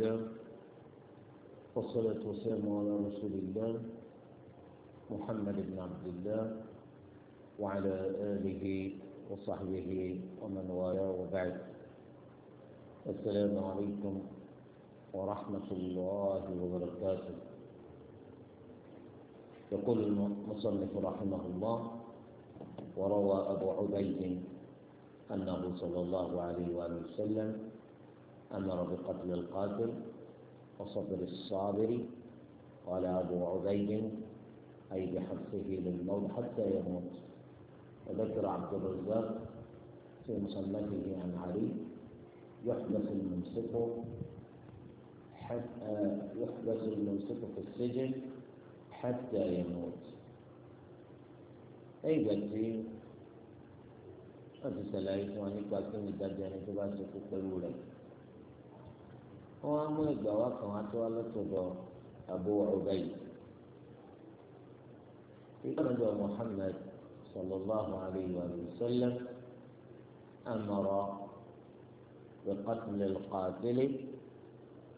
الله والصلاة والسلام على رسول الله محمد بن عبد الله وعلى آله وصحبه ومن والاه وبعد السلام عليكم ورحمة الله وبركاته يقول المصنف رحمه الله وروى أبو عبيد أنه صلى الله عليه وآله وسلم أمر بقتل القاتل وصبر الصابر قال أبو عبيد أي بحبسه للموت حتى يموت وذكر عبد الرزاق في مصنفه عن علي يحدث الممسك يحبس الممسك في السجن حتى يموت أي ti sẹ̀lẹ̀ ayé fún wa nípa kí wọ́n wọn á mú ìgbà wá kàn wá tó wá lọ́tọ̀dọ̀ Abu Ubayd ìgbàlódé Muhammad sallallahu alayhi wa sallam amara bi qatl al-qatil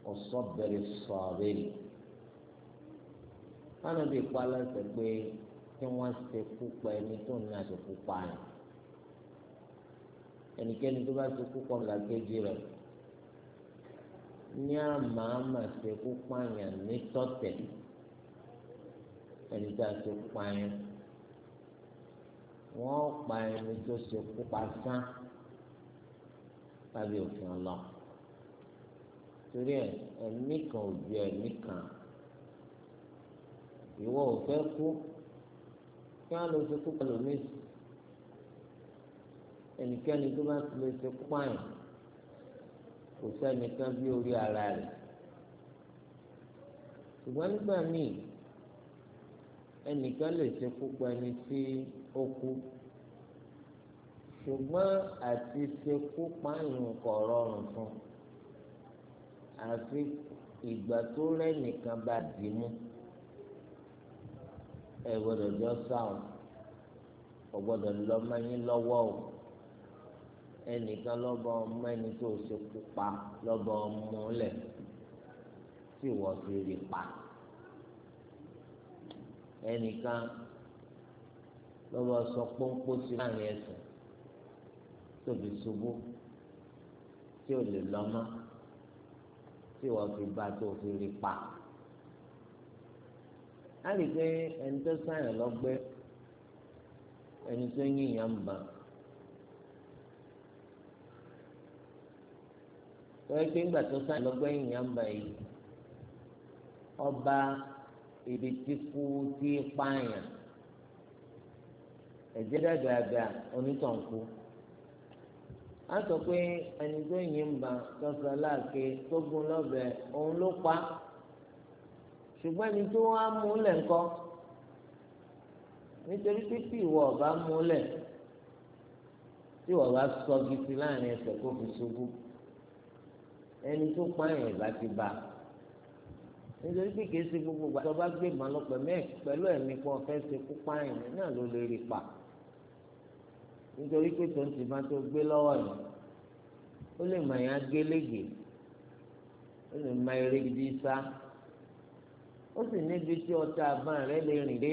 wa bí kpalẹ sẹ pé kí wọn ṣe kú ẹni tó ní àṣekú pa ẹ ẹnikẹ́ni tó bá ṣe kú pa ọmọlàkejì rẹ̀ ní àmàmà ṣekú pààyàn ní tọ́tẹ̀ ẹni tá a ti pààyàn wọ́n pa ẹni tó ṣekú pàṣán tàbí òfin ọlọ́ torí ẹ ẹ̀mí kan ò ju ẹ̀mí kan ìwọ ò fẹ́ kú kí wọ́n lọ ṣekú pẹ̀lú mi ẹnikẹ́ni tó bá ti lè ṣekú pààyàn kò sẹ́nìkan bí orí ara rẹ̀ ṣùgbọ́n nígbà míì ẹnìkan lè ṣe púpọ̀ ẹni tí ó kú ṣùgbọ́n àti ṣekú pààyàn kò rọrùn fún àfi ìgbà tó rẹ́nìkan bá dì mú ẹ gbọ́dọ̀ jọ sáwọn ò gbọ́dọ̀ lọ́mọ yín lọ́wọ́ o ẹnìkan lọ́ba ọmọ ẹni tó ṣe kú pa lọ́ba ọmọ lẹ̀ tí wọ́n fi rí pa ẹnìkan lọ́ba sọ pọ́npọ́n sí láàrin ẹsẹ̀ tóbi ṣubú tí ò lè lọ́mọ́ tí wọ́n fi bá tó fi rí pa á pé ẹni tó sáyẹn lọ́gbẹ́ ẹni tó yíyan bá a. wọ́n gbé ńgbà tó sáyẹn lọ́gbẹ́yìn yẹn ń bá yìí ọba ibi tí kú tí pààyàn ẹ̀jẹ̀ dàgbàgbà onítọ̀nkú a sọ pé ẹni tó yìn ń bá tọ́sọ láàké tó gún lọ́bẹ̀ òun ló pa ṣùgbọ́n ẹni tó wá múlẹ̀ ńkọ́ nítorí pé ìwọ ọba múlẹ̀ tí ìwọ ọba sọgi sí láàrin ẹsẹ̀ kó fi ṣubú ẹni tó pa ẹ̀yìn ìbá ti bá nítorí pé kìí ṣe gbogbo ìgbà tó bá gbé ìmọ̀ lọ́pẹ̀ mẹ́ẹ̀ pẹ̀lú ẹ̀mí kan fẹ́ ṣe kú pa ẹ̀yìn náà ló lè rí pa nítorí pé tó ń ti máa tó gbé lọ́wọ́ yìí ó lè mọ ẹ̀yìn agélége ó lè mọ eré gidi sá ó sì níbi tí ọta àbọ̀n rẹ lè rìn dé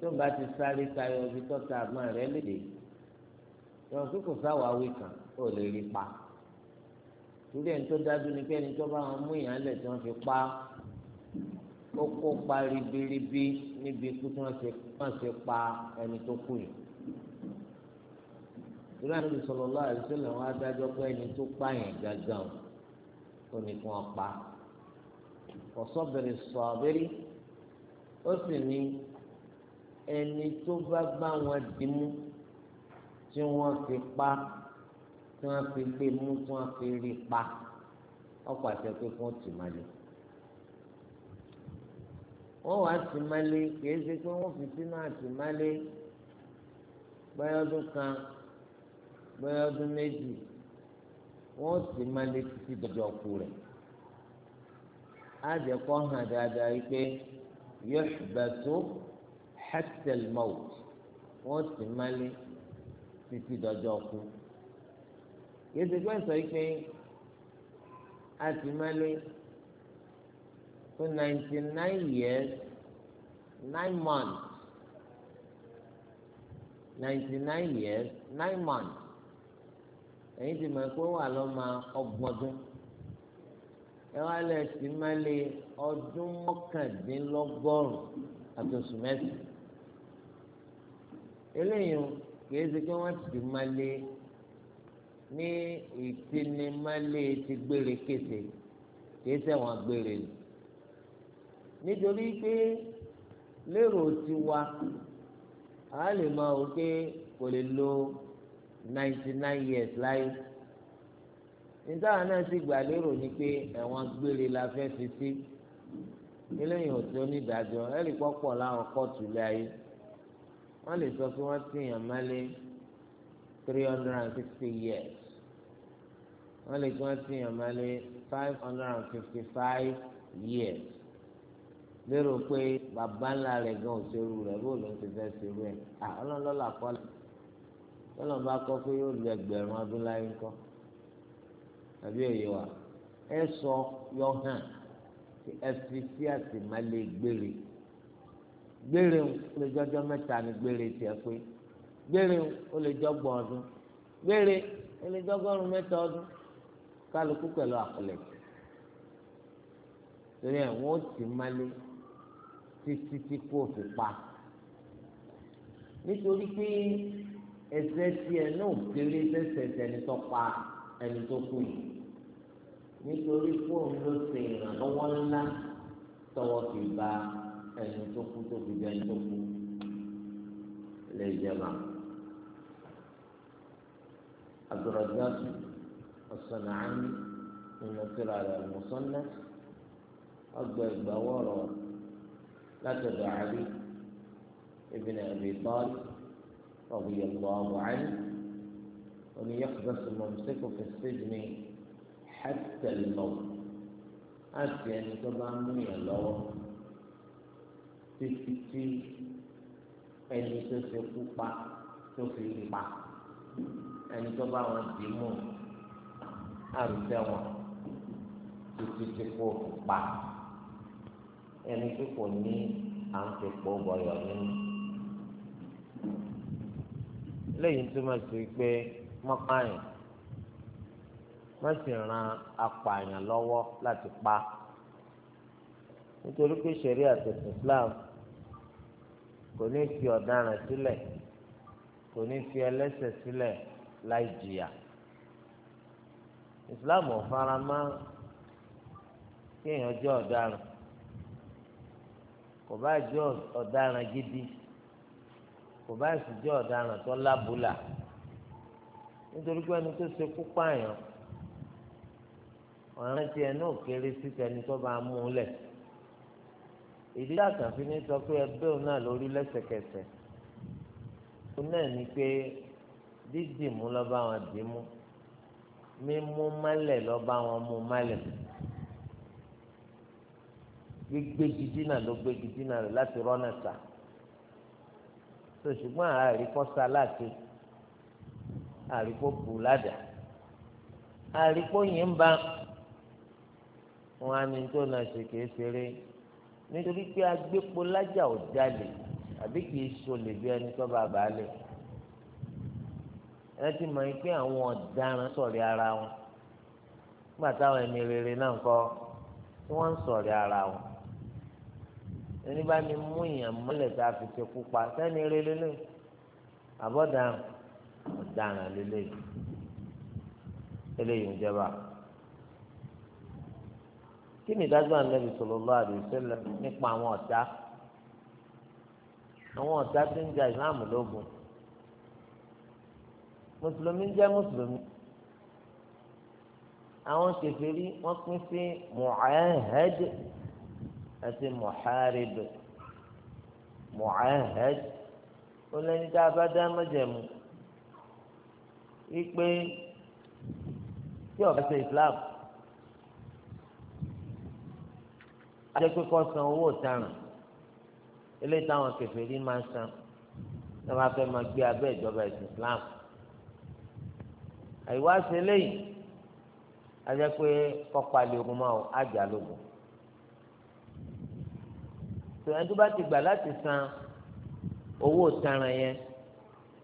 tó bá ti sáré tayọ ibi tọ́ta àbọ̀n rẹ lè dé ìrọ̀kí kò sáwàá wí kan ó lè rí pa torí ẹni tó dájú ni pé ẹni tó bá wọn mú ìyànlẹ̀ tí wọ́n fi pa ó kópa ribiribi níbi ikú tí wọ́n ṣe pa ẹni tó kù yìí ìlú àti sallallahu alaihi wasallam wọn adájọ́ pé ẹni tó pààyàn gángan ó ní kí wọ́n pa ọ̀sọ́bìnrin sọ abẹ́rí ó sì ní ẹni tó bá bá wọn dìímú tí wọ́n fi pa tí wọ́n fi gbé mú tí wọ́n fi rí pa ọkọ àṣẹ pé fún tì má lè wọ́n wàá tì má lè kìí ṣe pé wọ́n fi sínú àtì má lè gbẹyọdún kan gbẹyọdún méjì wọ́n tì má lè títí dọjọ́ kú rẹ̀ àjẹ kọ hàn dáadáa yìí pé yọṣùbẹtò hẹtẹlmọt wọ́n tì má títí dọjọ́ kú yìí ti pẹ́ sọ pé a ti máa lé fún ninety nine years nine months ninety nine years nine months ẹ̀yin ti mọ̀ pé wà lọ́mọ ọgbọ̀n ọdún ẹ wá lẹ̀ sí máa lé ọdún mọ́kàndínlọ́gọ́rùn-ún àtòsùn mẹ́sàn-án eléyìí kìí ṣe pé wọ́n ti máa lé ní ìtinimálé ti gbére kése kìí sẹ́wọ̀n gbére ni nítorí pé lérò tiwa a lè máa wò pé kò lè lo ninety nine years láyé nítawọn náà sì gbà lérò ni pé ẹ̀wọ̀n gbére la fẹ́ fi sí eléyìí ò tí ó nídàájọ́ ẹ̀rí pọ́pọ̀ láwọn kóòtù ilé ayé wọ́n lè sọ pé wọ́n ti yàn mọ́lé three hundred and sixty years wọ́n lè gbọ́n sí ìyàmálé five hundred and fifty five years lérò pé bàbá ńlá rẹ̀ gan òṣèlú rẹ̀ bó ló ń ti fẹ́ ṣerú ẹ̀ ọlọ́lọ́lá kọ́ tọ́lọ́n bá kọ́ pé yóò lu ẹgbẹ̀rún ọdún láyé ńkọ́ àbí òye wa ẹ sọ yọ hàn tí ẹ fi sí àtìmálé gbére gbére ń lè jọjọ mẹ́ta ní gbére tiẹ̀ pé gbére ń lè jọgbọ̀n ọdún gbére ń lè jọgọ́rùn mẹ́ta ọdún kálukú pẹ̀lú àpẹlẹ torí ẹ̀ wọ́n ti málé títí tí kò fi pa nítorí pé ẹsẹ̀ tiẹ̀ náà kéré sẹsẹ ẹni tó pa ẹni tó kù yìí nítorí fóònù ló ṣe ìrànlọ́wọ́ ńlá tọ́wọ́ fi ba ẹni tó kú tó fi bẹ ẹni tó kú lè jẹ máa àdúrà ti الصنعاني من على المصنف أكبر بوارة لا تدع علي ابن أبي طالب رضي الله عنه أن يقبس الممسك في السجن حتى الموت أتي أن تضامني الله títí أن tó ṣe kú pa ان fi pa àrùtẹ́ wọn títí tí kò pa ẹni tí kò ní à ń fi pò bọ̀yọ̀ nínú. lẹ́yìn túmọ̀ sí pé mọ́páyìn wọ́n sì ran apààyàn lọ́wọ́ láti pa nítorí pé ṣẹ̀rí àtẹ̀sìn Islam kò fi ọ̀daràn sílẹ̀ kò ní fi ẹlẹ́sẹ̀ sílẹ̀ láì jìyà. islam ò fara mọ́ kéèyàn jẹ́ ọ̀daràn kò bá jẹ́ ọ̀daràn gidi kò bá sì jẹ́ ọ̀daràn tó lábùlà nítorí pé ẹni tó ṣe kú pààyàn ọ̀ràn tiẹ̀ náà kéré sí tẹni tó bá mú un lẹ̀ ìdí àkànfin ní sọ pé ẹgbẹ́ òun náà lórí lẹ́sẹ̀kẹsẹ̀ òun náà ní pé dídìmú lọ́ba wọn dìímú mímú mọ́lẹ̀ lọ bá wọn mú mọ́lẹ̀ gbégbé jìdínà ló gbé jìdínà rẹ̀ láti rọ́nà sá tó ṣùgbọ́n àríkọ́ sa láti àríkọ́ bù ládàá àríkọ́ yìí ń bá wọn á ní tó náà ṣe kìí ṣeré nítorí pé agbépo lájà ò jalè àbí kìí ṣolè bí ẹni tó bá bàálẹ̀ ẹ ti mọ̀ yín pé àwọn ọ̀daràn sọ̀rí ara wọn nígbà táwọn ẹni rere náà kọ́ tí wọ́n ń sọ̀rí ara wọn ẹni bá ní mú ìyàn mọ́lẹ̀ tá a fi ṣe kú pa rere lè àbọ̀daràn ọ̀daràn lélẹ́yìí eléyìí ń kí ni ìdájọ́ ànábì sallallahu alaihi wasallam nípa àwọn ọ̀tá àwọn ọ̀tá tó ń ja ìsìláàmù lógun mùsùlùmí jẹ́ mùsùlùmí àwọn kèfèrí wọ́n pín sí mu'ahad àti muharib mu'ahad ó lẹ́ni tá a bá dá májẹ̀mú wípé tí ọ̀gá ṣe islam ajẹ́ pé kọ́ san owó ìtaràn eléyìí táwọn kèfèrí máa san tí wọ́n bá fẹ́ máa gbé abẹ́ ìjọba islam àyíwá ṣe léyìí ajẹ́ pé kọ́pàlì ogun máa ò àjà lógun tòun tó bá ti gbà láti san owó tanràn yẹn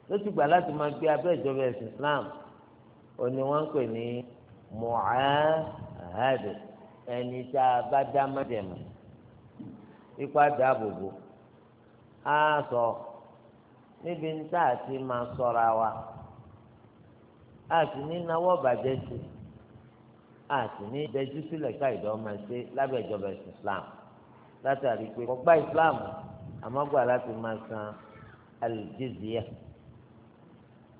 ló ti gbà láti máa gbé abẹ́ ìjọba ẹ̀sìn Islam òní wọ́n ń pè ní mu'ahad ẹni tá a bá dá májẹ̀mú ipa dáàbòbò á sọ níbi tá a ti máa sọra wa a sì ní náwó bàjẹ́ sí a sì ní dẹjú sílẹ̀ káìdọ́ máa ṣe lábẹ́ ìjọba ẹ̀sìn Islam látàrí pé kò gba Islam àmọ́ gbà láti máa san al-jizya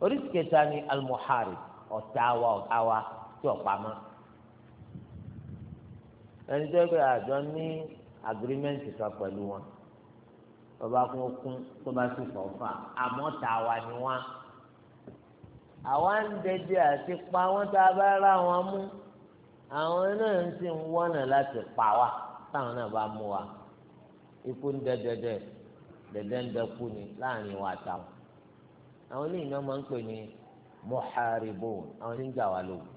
oríṣi kẹta ni al-muharib ọ̀tá wa ọ̀tá wa tí ọ̀pá mọ́ ẹni tó gbé àjọ ní agirimẹ́ǹtì kan pẹ̀lú wọn tó bá kún kún tó bá sì fọ́ fà àmọ́ tá a wọn àwa ń dẹdẹ àti pa wọn tá a bá rà wọn mú àwọn náà ń sì ń wọnà láti pa wá táwọn náà bá mú wa ikú ń dẹdẹdẹ dẹdẹ ń dẹkú ni láàrin wa táwọn àwọn oníyìn náà máa ń pè ní muharibun àwọn tí ń jà wá lógun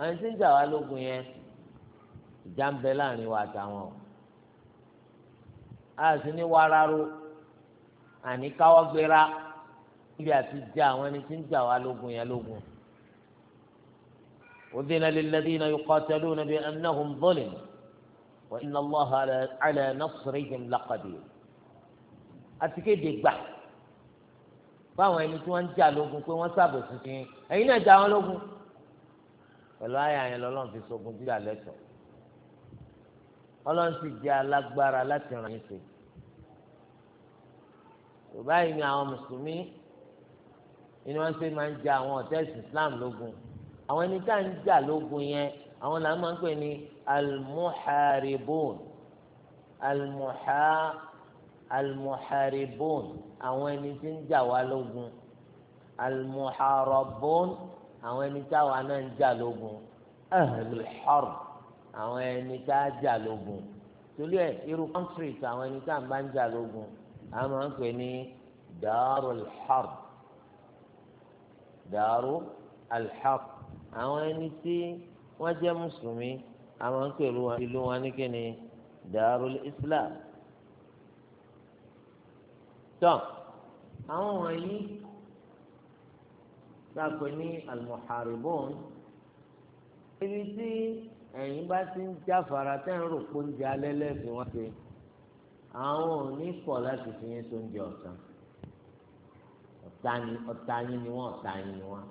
àwọn tí ń jà wá lógun yẹn ìjà ń bẹ láàrin wa táwọn a sì ní wàrà ro àní káwọ́ gbéra níbi àti já àwọn ẹni tí ń jà wá lógun yẹn lógun. أذن للذين يقاتلون بأنهم ظلموا وإن الله على نصرهم لقدير àti kéde gbà fáwọn ẹni tí wọ́n ń jà lógun pé wọ́n sábò tuntun ẹ̀yin náà jà wọ́n lógun pẹ̀lú àyà yẹn lọ́lọ́run fi sogun jíjà lẹ́tọ̀ ọlọ́run sì jẹ́ alágbára láti ràn yín sí. báyìí ni àwọn mùsùlùmí ni wọ́n ṣe máa ń ja àwọn ọ̀tẹ́sì islam lógun àwọn ẹni tá à ń jà lógun yẹn àwọn là ń máa ń pè ní almuharibun almuha almuharibun àwọn ẹni tí ń jà wá lógun almuharabun àwọn ẹni táwa náà ń jà lógun ahlul àwọn ẹni tá a jà lógun torí ẹ irú kọ́ńtírì àwọn ẹni tá à ń bá ń jà lógun àwọn máa ń pè ní darul harb dàrú alḥaq àwọn ẹni tí wọ́n jẹ́ mùsùlùmí àwọn ń pè ìlú wọn ní kíni dàrú islam tán àwọn wọ̀nyí dàpọ̀ ní almuharibun ibi tí ẹ̀yin bá ti ń jáfara tẹ́ ń rò pé oúnjẹ alẹ́ lẹ́sìn wọn ṣe àwọn ò ní kọ̀ láti fi yín sóúnjẹ ọ̀sán ọ̀tá yín ọ̀tá yín ni wọ́n ọ̀tá yín ni wọ́n.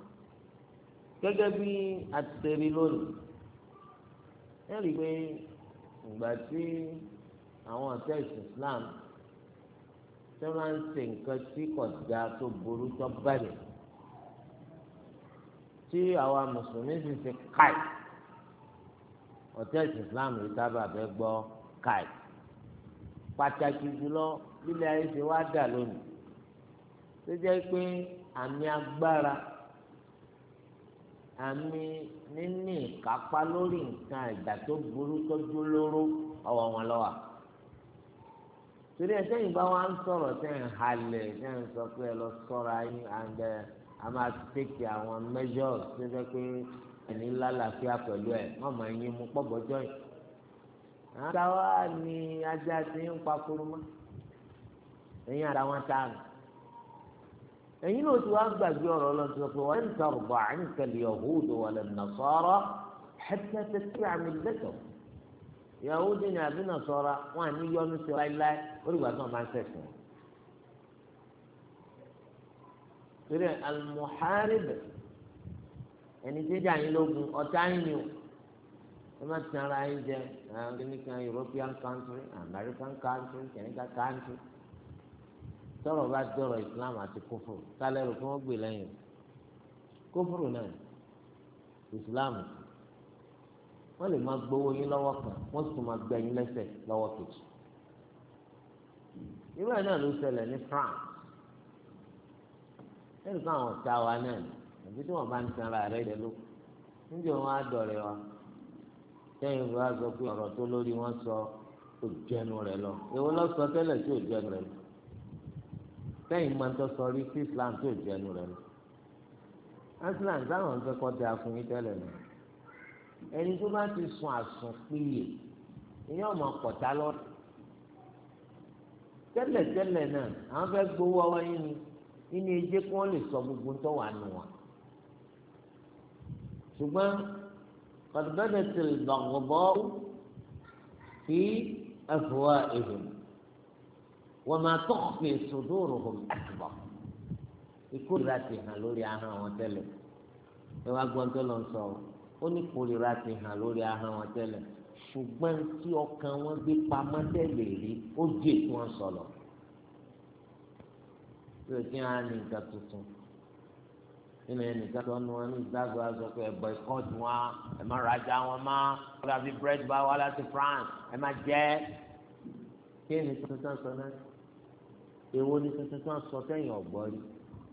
gẹ́gẹ́ bí a lónìí ẹ rí i pé ìgbà tí àwọn ọ̀tá ìsìn Islam tí wọ́n ń ṣe nǹkan tí kò dá tó burú tó bẹ̀rẹ̀ tí àwa mùsùlùmí sì ṣe káì ọ̀tá ìsìn Islam yìí sábà fẹ́ gbọ́ káì pàtàkì jùlọ lílẹ̀ ayé ṣe wá dà lónìí tó jẹ́ pé àmì agbára àmì níní ìkápá lórí nǹkan ìgbà tó burú tọ́jú lóró ọwọ́ wọn lọ́wọ́ torí ẹsẹ̀ yìí bá wọn sọ̀rọ̀ tẹ́ ń halẹ̀ tẹ́ ń sọ pé ẹ lọ sọ́ra yín and eh, a máa tẹ̀kì àwọn measures tó jẹ́ pé ẹni lálàáfíà pẹ̀lú ẹ̀ wọ́n máa ń mú pọ̀bọ̀ jọ́yìn. àtàwọn ni ajá ti ń pa kúrú mọ́ ẹ̀yìn àtàwọn táàmù ẹ̀yin náà ti wá gbàgbé ọ̀rọ̀ ọlọ́run ti sọ pé wọ́n ń ta ọ̀gbà àǹkàlì ọ̀húdù wà lẹ́nu sọ́ọ́rọ́ ẹ̀tẹ́ ti tí àmì lẹ́tọ̀ Yahudi ní àbínà sọ́ra wọn àní yọnu sí láíláí orígbà náà máa ń sẹ̀sìn. torí alimuharibe ẹni tí ìjà yín lógun ọ̀tá yín ni o ẹ má ti ara yín jẹ àwọn kìnnìkan European country American country kìnnìkan country tọrọ bá dọrọ islam àti kófòrò kálẹ̀ rò kí wọ́n gbé lẹ́yìn kófòrò náà islam wọ́n lè máa gbowó yín lọ́wọ́ kan wọ́n sì máa gbẹ yín lẹ́sẹ̀ lọ́wọ́ kejì irú ẹ̀ náà ló ṣẹlẹ̀ ní France lẹ́nu kan àwọn ọ̀tá wa náà àbí tí wọ́n bá ń tan ara rẹ̀ lẹ́ ló níbi wọn á dọ̀rẹ́ wa sẹ́yìn ìlú wa sọ pé ọ̀rọ̀ tó lórí wọn sọ òjẹnu rẹ̀ lọ èwo lọ sọ tẹ́lẹ̀ tí òjẹnu rẹ̀ lọ sẹ́yìn máa ń tọ́sọ rí sí islam tó jẹnu rẹ̀ ni aslan táwọn fẹ́ kọ́ da akùnrin tẹ́lẹ̀ nù ẹni tó bá ti sun àsùn péye ìyá ọmọ kọ̀tà lọ́dún tẹ́lẹ̀ náà àwọn fẹ́ gbowó ọwọ́ yín ni nínú ẹjẹ́ kí wọ́n lè sọ gbogbo ń wà nù wọn. ṣùgbọ́n kọ̀tùbẹ́dẹ̀ ti lọ́gbọ̀bọ́ fi ẹ̀fọ́ ẹ̀hìn wa ma tukhfi suduruhum akbar ìkórìíra ti hàn lórí ahọ́n wọn tẹ́lẹ̀ ẹ wá gbọ́n tó lọ sọ ó ní ìkórìíra ti hàn lórí ahọ́n wọn tẹ́lẹ̀ ṣùgbọ́n tí ọkàn wọn gbé pamọ́ tẹ́lẹ̀ rí ó jẹ́ kí wọ́n sọ̀rọ̀ tí o ti hàn ní nǹkan tuntun nínú ẹnìkan tó nu wọn ní ìdájọ́ aṣọ pé ẹ̀bọ̀ ẹ̀kọ́ tí wọ́n ẹ̀ má rajà wọn má wọ́n dàbí bírèdì bá wà láti France ẹ̀ má jẹ́ kí ẹnì tuntun sọ náà èwo ni tuntun tí wọ́n sọ sẹ́yìn ọ̀gbọ́n rí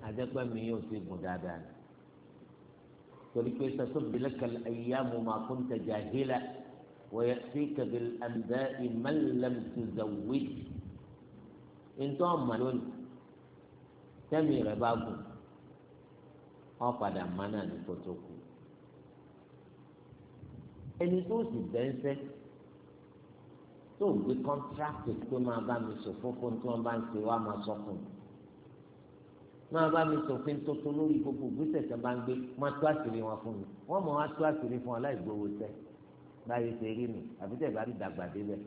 àdẹ́pẹ́ mi yóò ti gùn dáadáa ni torí pé sọ́tò bìlẹ́kẹ̀lẹ́ ẹ̀yà mo máa kún tẹ̀jà hílà wọ́yẹ sí kẹ̀bìl ẹ̀ǹdẹ́ ìmẹ́lẹ́mùtìzẹ̀wé ntọ́ ọ̀mà lónìí tẹ́mi rẹ̀ bá gùn ọ́ padà ní kótó kù ẹni tó sì bẹ́ńsẹ́ tó ń gbé kọ́ńtrákì tó máa bá mi sòfin fún tí wọ́n bá ń ṣe wá máa sọ fún mi máa bá mi sòfin tuntun lórí gbogbo ìgbésẹ̀ tó bá ń gbé wọ́n tó àṣírí wọn fún mi wọ́n mọ̀ wọ́n tó àṣírí fún wọn láì gbowó sẹ́ báyìí ṣe rí mi àfi tẹ̀ bá rí dàgbà délẹ̀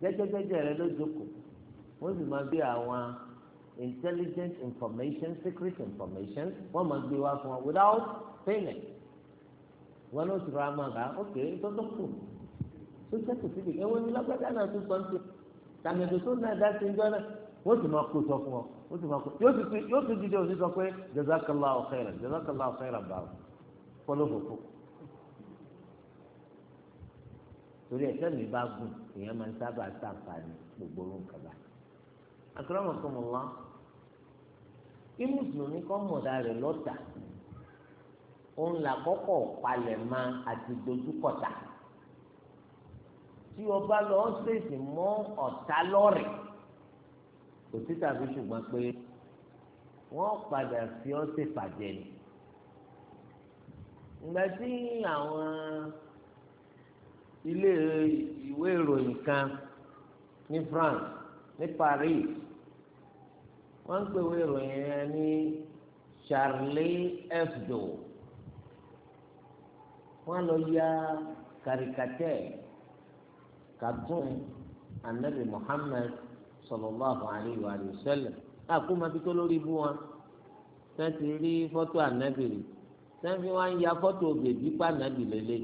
jẹ́jẹ́jẹ́jẹ́ rẹ ló jókòó wọ́n sì máa gbé àwọn intelligent information secret information wọ́n máa gbé wá fún wọn without payment wọ́n ló ti rọra máa gbà ok tó tó kù tó jẹ́ kò síbi ẹ̀wọ́n ní lágbádá náà tó sọ ń tẹ tàmẹ̀dọ̀ tó náà dá sí ń jọ́nà wọ́n sì máa kó sọ fún ọ wọ́n sì máa kó yóò tún dídé òní sọ pé jazakallahu khairan jazakallahu khairan báwo fọlọ́fọ̀fọ. torí ẹ̀sẹ̀ mi bá gùn èèyàn máa ń sábà sàǹfààní gbogbo orun kaba. akramakumullah kí mùsùlùmí kọ́ mọ̀dà rẹ̀ lọ́tà òun làkọ́kọ́ palẹ̀ máa àti dojúkọ̀tà tí ọba lọ ṣèṣì mọ́ ọ̀tá lọ́rẹ̀ kò sí tàbí ṣùgbọ́n pé wọ́n padà fi ọ́ ṣèpàjẹ́ ni ìgbà tí àwọn ilé ìwé ìròyìn kan ní France ní Paris wọ́n ń pè ìwé ìròyìn yẹn ní Charlie Hebdo wọ́n lọ ya karikatẹ́ẹ̀ kàtún anabi muhammed sallallahu alayhi wa sallam àkómọ bí tó lórí bú wọn tẹ́ ti rí fọ́tò anabi rí tẹ́ fi wá ń ya fọ́tò bèbí pa anabi lélẹ̀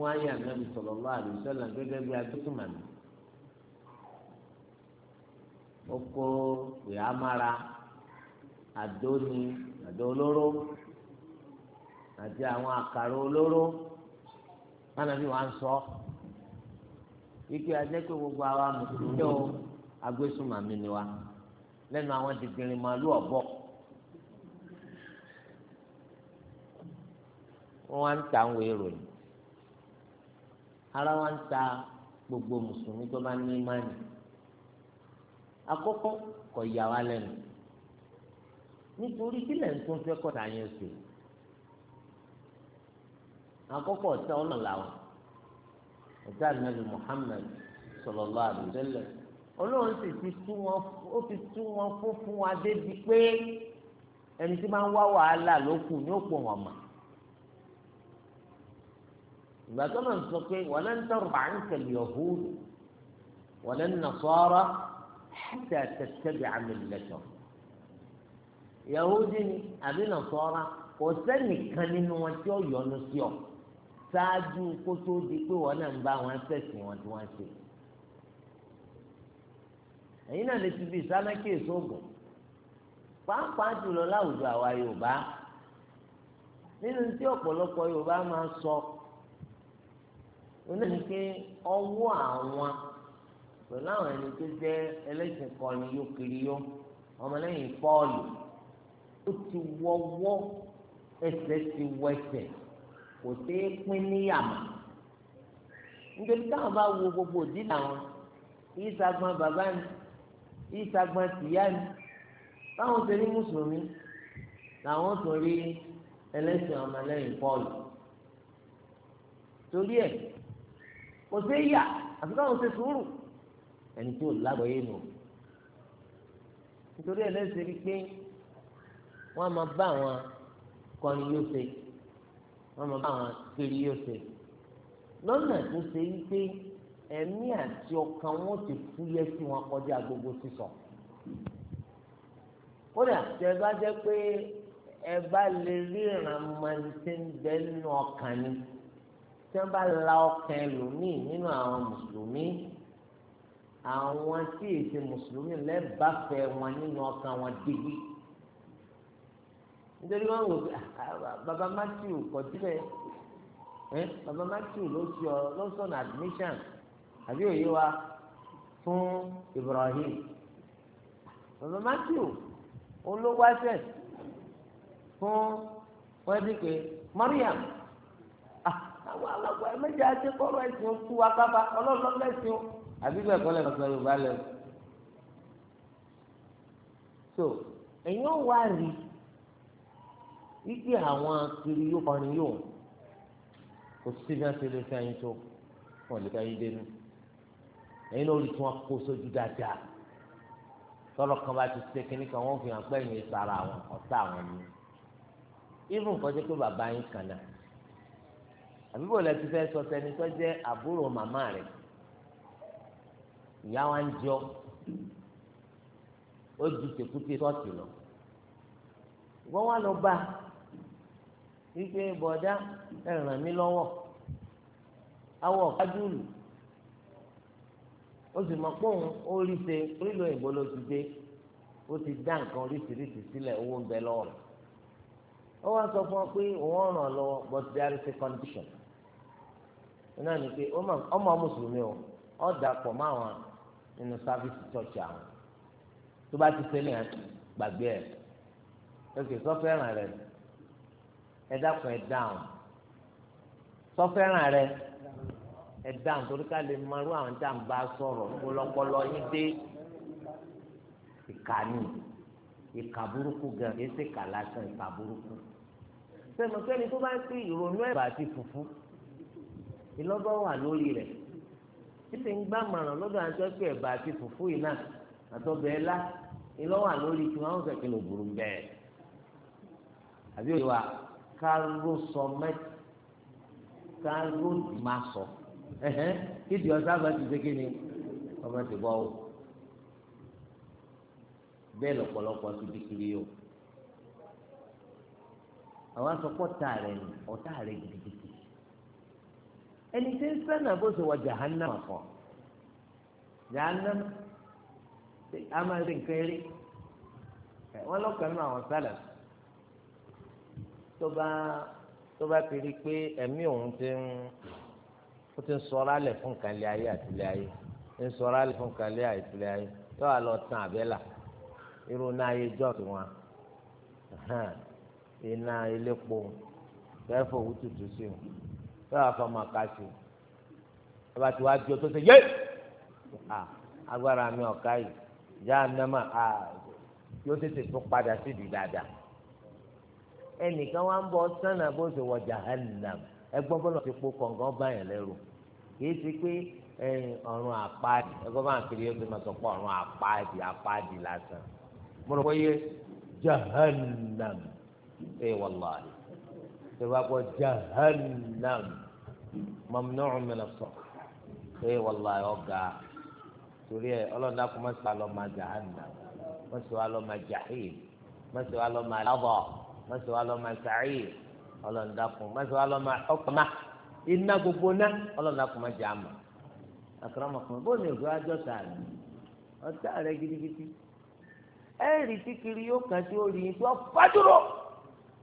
wọ́n á yẹ anabi sallallahu alayhi wa sallam gẹ́gẹ́ bí adókùnmọ̀mí oko ìhámára àdóni àdó olóró àti àwọn àkàrà olóró anabi wa ń sọ ike adékò gbogbo àwa mùsùlùmí o agbésùmàmí ni wa lẹ́nu àwọn dìgbìrín màálù ọ̀bọ wọn wá ń ta àwọn èrò yìí ara wa ń ta gbogbo mùsùlùmí tó bá ní ìmánì àkọ́kọ́ kò yà wá lẹ́nu nítorí kílẹ̀ ń tún fẹ́ kọ́ta yẹn sèé àkọ́kọ́ ọ̀tá ọ̀nà làwọn ọ̀tá àdìmẹ́lì Muhammad sallallahu alaihi wasallam olóhùn sì ti tú wọn ó fi tú wọn fún fún wa débi pé ẹni tí máa ń wá wàhálà ló kù ní òpò wọn mà ìgbà tó náà sọ pé wọn lẹ́nu tó rà ń tẹ̀lé ọ̀hún wọn lẹ́nu nà sọ́ọ́rọ́ ṣẹ́tẹ̀ tẹ̀tẹ̀lé àmì lẹ́tọ̀ Yahudi ni àbí nà sọ́ọ́rọ́ kò sẹ́nìkan nínú wọn tí ó yọnu sí ọ ṣáájú kó tó di pé wọn náà ń bá wọn ṣẹ̀sìn wọn tí wọ́n ṣe ẹ̀yin náà lè ti bí ìsánákì èso ògùn pàápàá jùlọ láwùjọ àwa Yorùbá nínú tí ọ̀pọ̀lọpọ̀ Yorùbá máa ń sọ onáni pé ọwọ́ àwọn pẹ̀lú àwọn ẹni tó jẹ́ ẹlẹ́sìn kọni yóò kiri yó ọmọlẹ́yìn Pọ́ọ̀lù ó ti wọ́wọ́ ẹsẹ̀ ti wọ ẹsẹ̀ kò sí pín níyàmà nítorí táwọn bá wo gbogbo òdìlà wọn ìsagbọn bàbá ni ìsagbọn tìyá ni táwọn ṣe ní mùsùlùmí làwọn tó rí ẹlẹ́sìn ọmọlẹ́yìn Pọ́ọ̀lù torí ẹ̀ kò sí yà àfi káwọn ṣe sùúrù ẹni tó lágbàáyé nù nítorí ẹlẹ́sìn rí pé wọ́n máa bá àwọn kọrin yóò ṣe wọ́n mọ báwọn kiri yóò ṣe lọ́nà tó ṣe wípé ẹ̀mí àti ọkàn wọn ti fúyẹ́ sí wọn kọjá gbogbo sísọ kódà tẹ bá jẹ́ pé ẹ bá lè ríran mọ̀lẹ́tẹ́ ń bẹ nínú ọkàn ni tí wọ́n bá la ọkàn ẹlòmíì nínú àwọn mùsùlùmí àwọn tí èsì mùsùlùmí lẹ́bàáfẹ́ wọn nínú ọkàn wọn dìgbì nítorí wọn wò ah, ah, ah, baba matthew kọ síbẹ̀ ẹ baba matthew ló ṣe ọ lọ́sọ̀nà admission àbí òye wa fún ibrahim baba matthew olówó ẹsẹ̀ fún wọ́n ti pé mariam àwọn alágbó ẹ méjì àti kọ́rọ̀ ẹ̀sìn oṣù akáfa ọlọ́ọ̀lọ́ mẹ́sìn àbí bẹ́ẹ̀ kọ́ lẹ́nu sọ yorùbá lẹ́nu so ẹ̀yin ò wá rí i wípé àwọn kiri yóò kọrin yóò kò sí bí wọn ṣe lè fẹ́ ẹyin tó wọn lè fẹ́ ẹyin dénú ẹyin náà olùtún wọn kó sójú dáadáa tọrọ kan bá ti ṣe kínní kan wọn fi hàn pé ẹyin sara àwọn ọ̀tá àwọn ni irun kan jẹ́ pé bàbá yín kan náà àbíbò lẹ ti fẹ́ sọ sẹ́ni tó jẹ́ àbúrò màmá rẹ̀ ìyá wa ń jọ ó ju tèkúté tọ́ọ̀tì lọ wọ́n wá lọ bá wípé bọ̀dá ẹ ràn mí lọ́wọ́ awọ kájúlù ó sì mọ̀ pé òun ó rí ṣe orílẹ̀ òyìnbó ló ti dé ó ti dá nǹkan oríṣiríṣi sílẹ̀ owó ń bẹ lọ́wọ́ ó wá sọ fún ọ pé òun ràn lọ́wọ́ but there is a condition náà ni pé ọmọ mùsùlùmí o ọ dàpọ̀ mọ́ àwọn nínú sáfíìsì church àwọn tó bá ti ṣẹlẹ̀ gbàgbé ẹ̀ lókè sọ́fẹ́ràn rẹ̀ ni. ẹ dákun ẹ dáhùn sọfẹ́ràn rẹ ẹ dáhùn torí ká lè mọ irú àwọn tá à ń bá sọ̀rọ̀ pọlọpọlọ yín dé ìkànnì ìkà burúkú gan ẹsẹ̀ kà lásán ìkà burúkú sẹ́mọ̀sẹ́ni tó bá ń pín ìrònú ẹ̀bà àti fùfú ìlọ́gbọ́n wà lórí rẹ̀ títí ń gbàmọ̀ràn lọ́dọ̀ àjọ pé ẹ̀bà àti fùfú yìí náà àtọ́bẹ̀ ẹ̀lá ìlọ́wà lórí tí wọ́n ń kí ló burú bẹ́ẹ̀ àbí òye wa káró sọ mẹ́tì káró má sọ kídi ọ̀sán bá ti ṣégé ni ọmọ ti bọ́ ọ bẹ́ẹ̀ lọ́pọ̀lọpọ̀ ti di kiri o àwọn asopọ̀ tá a rẹ̀ ni ọ̀tá rẹ̀ gidigidi ẹni tí ń sẹ́nà bó ṣe wọ jahannama kan jahannama a máa ń rìn kéré wọn lọ́kàn náà àwọn sálẹ̀ tó bá tó bá ti rí i pé ẹ̀mí òun ti ń ó ti ń sọ̀rọ̀ alẹ̀ fún kàlẹ́ ayé àtìlẹ́ ayé ń sọ̀rọ̀ alẹ̀ fún kàlẹ́ ayé àtìlẹ́ ayé tó wà lọ tán àbẹ́là irú náà ayé jọ́ọ̀tì wọn iná elépo fẹ́fọ̀ òwú tutù sí o tó wà fọmọ kásì tó bá ti wá jó tó ṣe yé agbára mi ọ̀ka yìí jáà nàmà yóò tètè tún padà síbi dáadáa. ẹnìkan wá ń bọ sánà bó ṣe wọ jahannam ẹgbọ́n bọ́lọ̀ ti po kọ̀ǹgàn báyìí lẹ́rù kìí ṣe pé ọ̀run àpáàdì ẹgbọ́n bá ń kiri ẹgbẹ́ máa sọ pé ọ̀run àpáàdì àpáàdì lásán mo rò wáyé jahannam ẹ wàláhì ṣe wá gbọ́ jahannam mamnu'u min as-sarf ọ̀gá torí ẹ ọlọ́dà kò má máa jahannam má sọ alọ́ máa jahil má mọ̀sí wa lọ́mọ sàáyè ọlọ́ndàkùn mọ̀sí wa lọ́mọ ọkùnmá iná gbogbo ná ọlọ́ndàkùn má jẹ́ àmà àkàràmọ̀kùn bó ni òkú ajọ́ tà ní ọ̀tá rẹ̀ gidigidi ẹ̀rì tí kiri yóò kàn tí ó rí yín tí wọ́n fà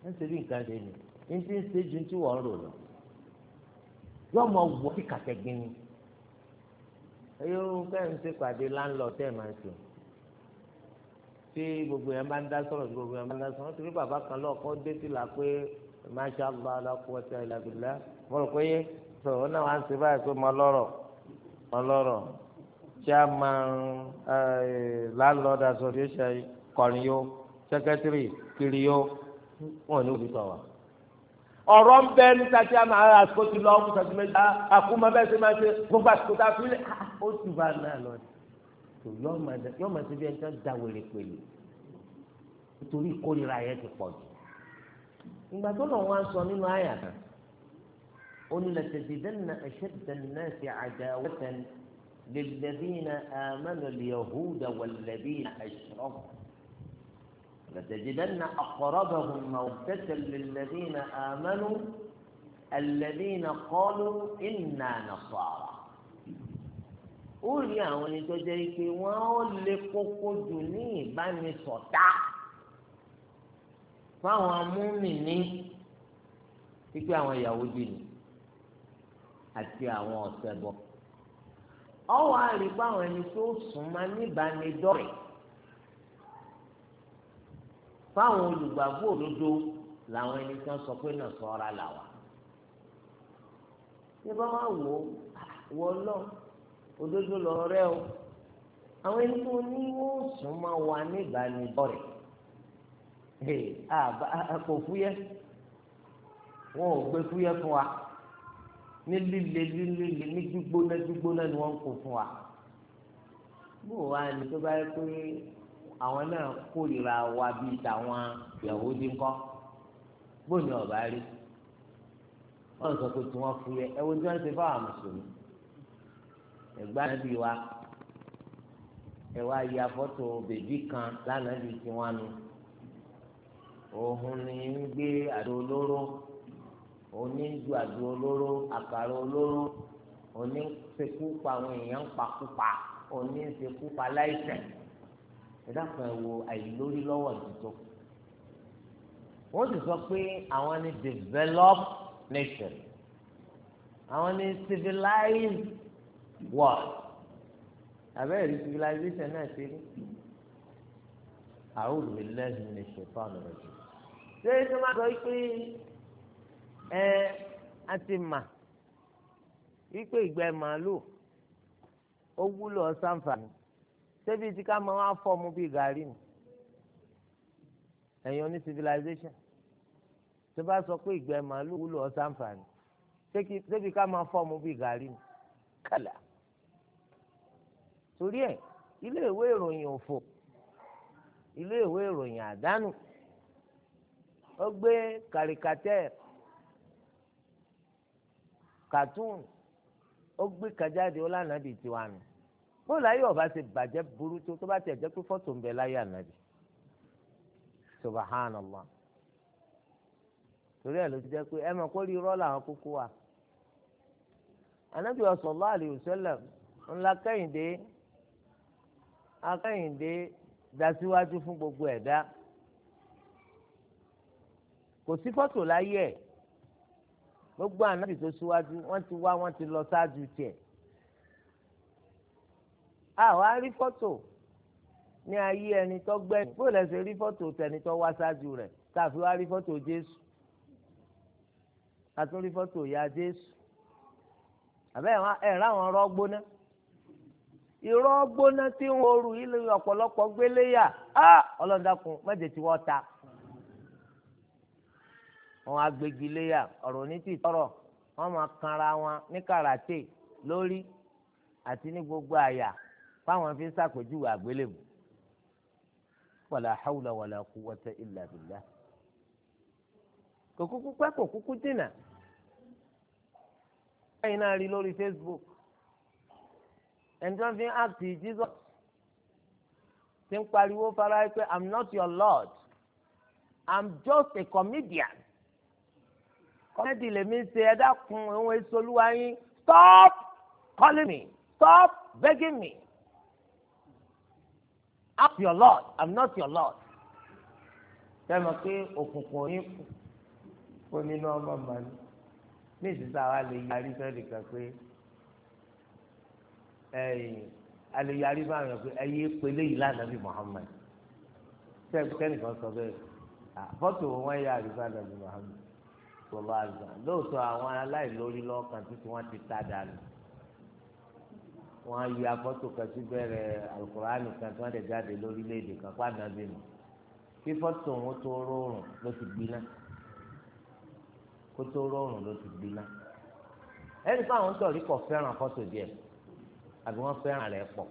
ń ṣe bí nǹkan ṣe ni ń ti ń ṣe ju tí wọ́n ń rò lọ yóò mọ wọ kíkàtẹ́gbin ni. ẹ̀yọ́ kẹ́hìn ṣe pàdé láńlọ́ọ̀ tẹ́ máa ń sùn tí gbogbo yẹn máa ń dá sọ̀rọ̀ tí gbogbo yẹn máa ń dá sọ̀rọ̀ torí bàbá kan lọ́ọ̀kọ́ dé sí la pé masha allah alakú ọtí ayélujára mo rò pé sọ̀rọ̀ náà wá ń ṣe báyìí pé mo lọ́rọ̀ mo lọ́rọ̀ chairman eh, landlord association kọrin yó secretary kiri yó wọn ò ní òbí tọ̀ wá ọ̀rọ̀ ń bẹ ní sátí àmà àsìkò ti lọ ọkùnrin sàtìmẹ́ta àkúmọ́ bẹ́ẹ̀ ṣe máa ṣe gbogbo àsìkò tó yọ ma ṣe bí ẹni da wele pele nítorí ìkórira yẹ ti pọ̀ jù ìgbà tó lọ wá sọ nínú àyà kan olùlẹ̀tẹ̀dẹ̀dẹ̀nà ẹ̀ṣẹ̀dẹ̀nà ti àjà wọ́tẹ̀n lẹ́lẹ́dínà àmàlẹ̀ yahuda wàlẹ́dínà ẹ̀ṣọ́ لتجدن أقربهم موتة للذين آمنوا الذين قالوا إنا نصارى ó rí àwọn ẹni tó jẹ́ pé wọ́n ó lè kókó jù ní ìbánisọ̀tá fáwọn amúmìní pípé àwọn ìyàwó dì ní àti àwọn ọ̀sẹ̀ bọ̀ ọwọ́ àrígbá àwọn ẹni tó sùn máa níbánidọ́rẹ̀ fáwọn olùgbàgbọ́ òdodo làwọn ẹni tó ń sọ pé náà sọ́ra làwà. ṣé bá wò ó ah, wọ́ lọ́wọ́ òdodo lọ̀rẹ́ o àwọn ẹni tó ní wọn ò sún máa wà níbàánibọ rẹ kò fúyẹ́ wọn ò gbé fúyẹ́ fún wa ní líle líle ní gbígbóná gbígbóná ni wọn kò fún wa bó o wá ní tó bá yẹ pé àwọn náà kórìíra wa bíi tàwọn Yahudi ńkọ́ bó ni ọba rí wọn sọ pé tí wọn fúyẹ́ ẹ wo tí wọn ṣe fáwọn mùsùlùmí ẹgbẹ́ ànábì wa ẹ wá ya fọ́tò bèbí kan lánàbì tiwọn nu òun ni ń gbé àdó olóró òní àdó olóró àkàrà olóró òní àwọn èèyàn ń pakúpa òní ń sekú wo àìlórí lọ́wọ́ ìdìtò wọ́n ti sọ pé àwọn ni developed nation àwọn ni civilized wà abẹ́rẹ́ civilization náà ṣe rí àrùn mi lẹ́yìn ní ṣèpáànù rẹ̀ jù. ṣé ṣé máa sọ pé ẹ a ti mà wípé ìgbẹ́ màálù ó wúlò ọ̀sánfààní ṣébi tí ká máa wá fọ́ọ̀mù bíi gàrí ni ẹ̀yin oní civilization tó bá sọ pé ìgbẹ́ màálù wúlò ọ̀sánfààní ṣébi ká máa fọ́ọ̀mù bíi gàrí ni kàlà. torí ẹ̀ ilé ìwé ìròyìn òfò ilé ìwé ìròyìn àdánù ó gbé kàríkátẹ́ẹ̀ cartoon ó gbé kajáde ọlànàbì tiwa nù bóòlù ayé ọba bàjẹ́ burú tó tó bá tẹ̀ jẹ́ pé fọ́tò ń bẹ láyé ànábì subhanallah torí ẹ̀ ló ti jẹ́ pé ẹ mọ̀ kó rí làwọn kúkú wa akẹ́yìndé dasíwájú fún gbogbo ẹ̀dá kò sí fọ́tò láyé ẹ̀ gbogbo ànábì tó síwájú wọ́n ti wá wọ́n ti lọ ṣáájú tiẹ̀ àwa rí fọ́tò ní ayé ẹni tó gbẹ̀yìn bó lẹ́sẹ̀ rí fọ́tò tẹni tó wá ṣáájú rẹ̀ tàbí wá rí fọ́tò Jésù àtúrí fọ́tò ìyá Jésù àbẹ́ ẹ̀ ráwọn ọ̀rọ̀ gbóná ìrọ́ gbóná tí ń horù ilé ọ̀pọ̀lọpọ̀ gbéléyà á ọlọ́dàkùn mẹ́jẹ̀ tí wọ́n ta wọn agbègbè léyà ọ̀rọ̀ ní ti tọrọ wọn máa kanra wọn ní karate lórí àti ní gbogbo àyà fáwọn fi ń ṣàpèjúwe àgbélébù wàlà hàwùlà wàlà quwwata illa billah kò kúkú pẹ́ kò dínà. báyìí náà rí lórí Facebook ẹni tí wọ́n fi ń act Jesus ti ń pariwo fara ẹ pé i'm not your lord i'm just a comedian kọ́mẹ́dì lèmi ń ṣe ẹ dákun òun èso olúwa yín stop calling me stop begging me ask your lord i'm not your lord fẹ́mi pé òkùnkùn yín kò nínú ọmọ màmí ní ìsinsìnyí àwa lè yarí sẹ́ẹ̀dì kan pé. aliyarí bá yàn pé ẹyẹ pele yìí lánàbí Muhammad sẹ́nìkan sọ bẹ́ẹ̀ fọ́tò wọn yà àríwá nàbí Muhammad sọlá àgbà lóòótọ́ àwọn aláìlórí lọ́kàn títí wọ́n ti ta dànù kan sí bẹ̀rẹ̀ alukóraní tí wọ́n lè jáde lórílẹ̀ kan pa nàbí nù kí fọ́tò wọn tó rọrùn ló ti gbiná kó tó rọrùn ti gbiná ẹnì kan àwọn àbí wọ́n fẹ́ràn rẹ̀ pọ̀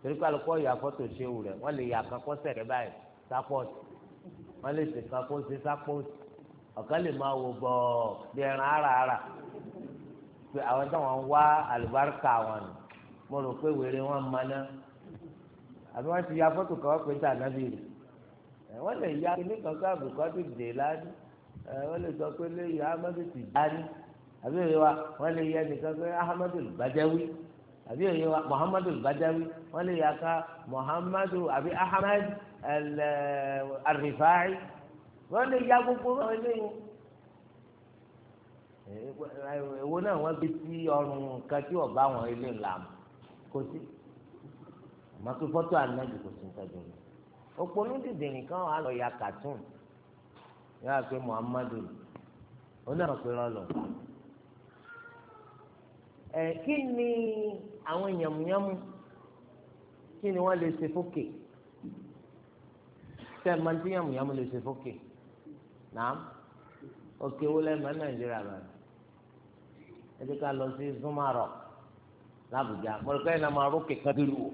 torí pé alùpùpù yà fọ́tò ṣéwù rẹ̀ wọ́n lè yà kan kó sẹ̀rẹ̀ báyìí sápọ̀tì wọ́n lè sèkan kó ṣe sápọ̀tì ọ̀kan lè máa wò bọ̀ bí ẹran ara ara pé àwọn tó wọn wá àlùbáríkà wọn nù mo rò pé wèrè wọn mọná àbí wọ́n ti ya fọ́tò kan wọ́n pè tà nábì rẹ̀ wọ́n lè ya kíní kan ká àbùkọ́tì dè lánìí wọ́n lè sọ pé lè ya amadu ti dání àbí wọ́n lè ya nìkan pé ahamadu bàjẹ́wí àbí òye wa muhammadu badawi wọn lè yàtọ̀ muhammadu àbí ahmed arifai eh, wọn lè ya gbogbo wọn léwu èwo náà wọn fi sí ọrùn kan tí ọba wọn ilé ńlá mu kò sí màtó fọ́tò ànájú kò sí nǹkan jùlọ òpònú dìde nìkan wà lọ ya cartoon yàrá pé muhammadu onáà pé rọlọ ẹ kí ni àwọn yàmùyàmù kí ni wọ́n lè ṣe fókè tẹ́ ẹ̀ máa ń tí yàmùyàmù lè ṣe fókè nàám òkè wo lẹ́ẹ̀ máa nàìjíríà báyìí ẹ ti ká lọ sí zumarọ làbújá mọ̀lẹ́kọ́ yìí náà máa rókè kábírù wò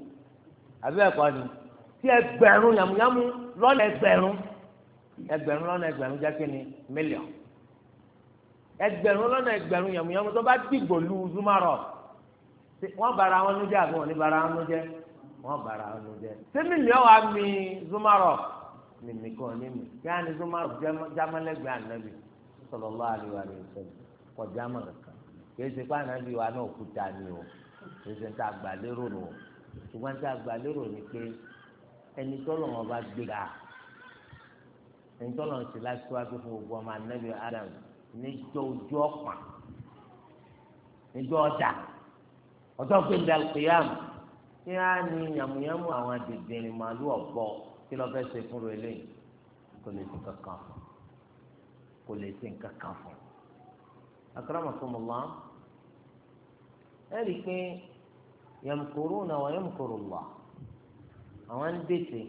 àbí ẹ̀kọ́ ni tí ẹgbẹ̀rún yàmùyàmù lọ́nà ẹgbẹ̀rún ẹgbẹ̀rún lọ́nà ẹgbẹ̀rún jẹ́ kí ni mílíọ̀n ẹgbẹ̀rún lọ́nà ẹgbẹ̀rún yàmùyàmù tó bá dìgbò lu zumarọ wọ́n bara wọn nújẹ́ àbí wọ́n ní bara wọn nújẹ́ wọ́n bara wọn nújẹ́ sẹ́mi ni ọ̀ wá mi zumarọ̀ mímí kan ní mi kí á ní zumarọ̀ jámálẹ́gbẹ̀ẹ́ ànábì sallallahu alaihi wasallam kọ jámà kankan kì í ṣe pé ànábì wa náà òkúta ni o kì í ṣe tá a gbà lérò nù o ṣùgbọ́n tá a gbà lérò ni pé ẹni tọ́lọ̀ wọn bá gbéra ẹni tọ́lọ̀ ń ṣe láti wájú fún gbogbo ọmọ ànábì Adam níjọ́ ojú ọ̀pá níjọ́ ọ̀dà ọjọ́ pé ń bẹ alùpùpù kí á ní yàmùyàmù àwọn àdìgbìnrin màálù ọ̀bọ kí lọ́ọ́ fẹ́ ṣe fún relé kò lè ṣe kankan fún kò lè ṣe kankan fún. akramakumullah ẹ rí i pé yamkuruna wa yamkurullah àwọn ń dètè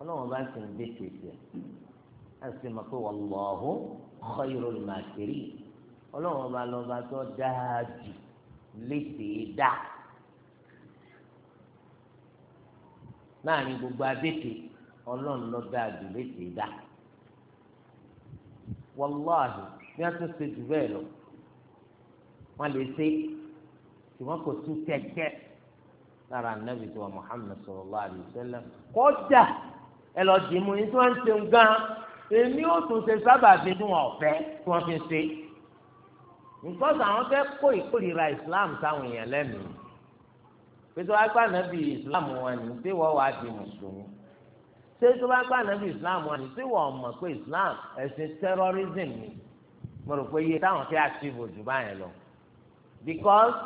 ọlọ́wọ́n bá ń sì ń dètè tiẹ̀ ẹ sì mọ̀ pé wallahu khayrul makirin ọlọ́wọ́n bá lọ́ba tó dáa jù létè dáa. láàrin gbogbo abẹ́tẹ̀ ọlọ́run ló dáa jù létè dá wàláhì bí wọ́n tún ṣe jù bẹ́ẹ̀ lọ wọ́n lè ṣe ṣùgbọ́n kò tún kẹ̀kẹ́ lára anabi tí wa Muhammad sallallahu alaihi wasallam kọjá ẹ lọ dì mú ní tí wọ́n ń ṣe ń gan èmi ò tún ṣe sábà fi ọ̀fẹ́ tí wọ́n fi ṣe nǹkan sọ fẹ́ kó ìkórìíra Islam sáwọn èèyàn lẹ́mìí pé tó bá gbà nàbì islam wọn ni tí wọ́n wá di mùsùlùmí ṣé tó bá gbà nàbì islam wọn ni tí wọ́n mọ̀ pé islam ẹ̀sìn terrorism ni mo rò pé iye táwọn fẹ́ àtìvò jù báyẹn lọ because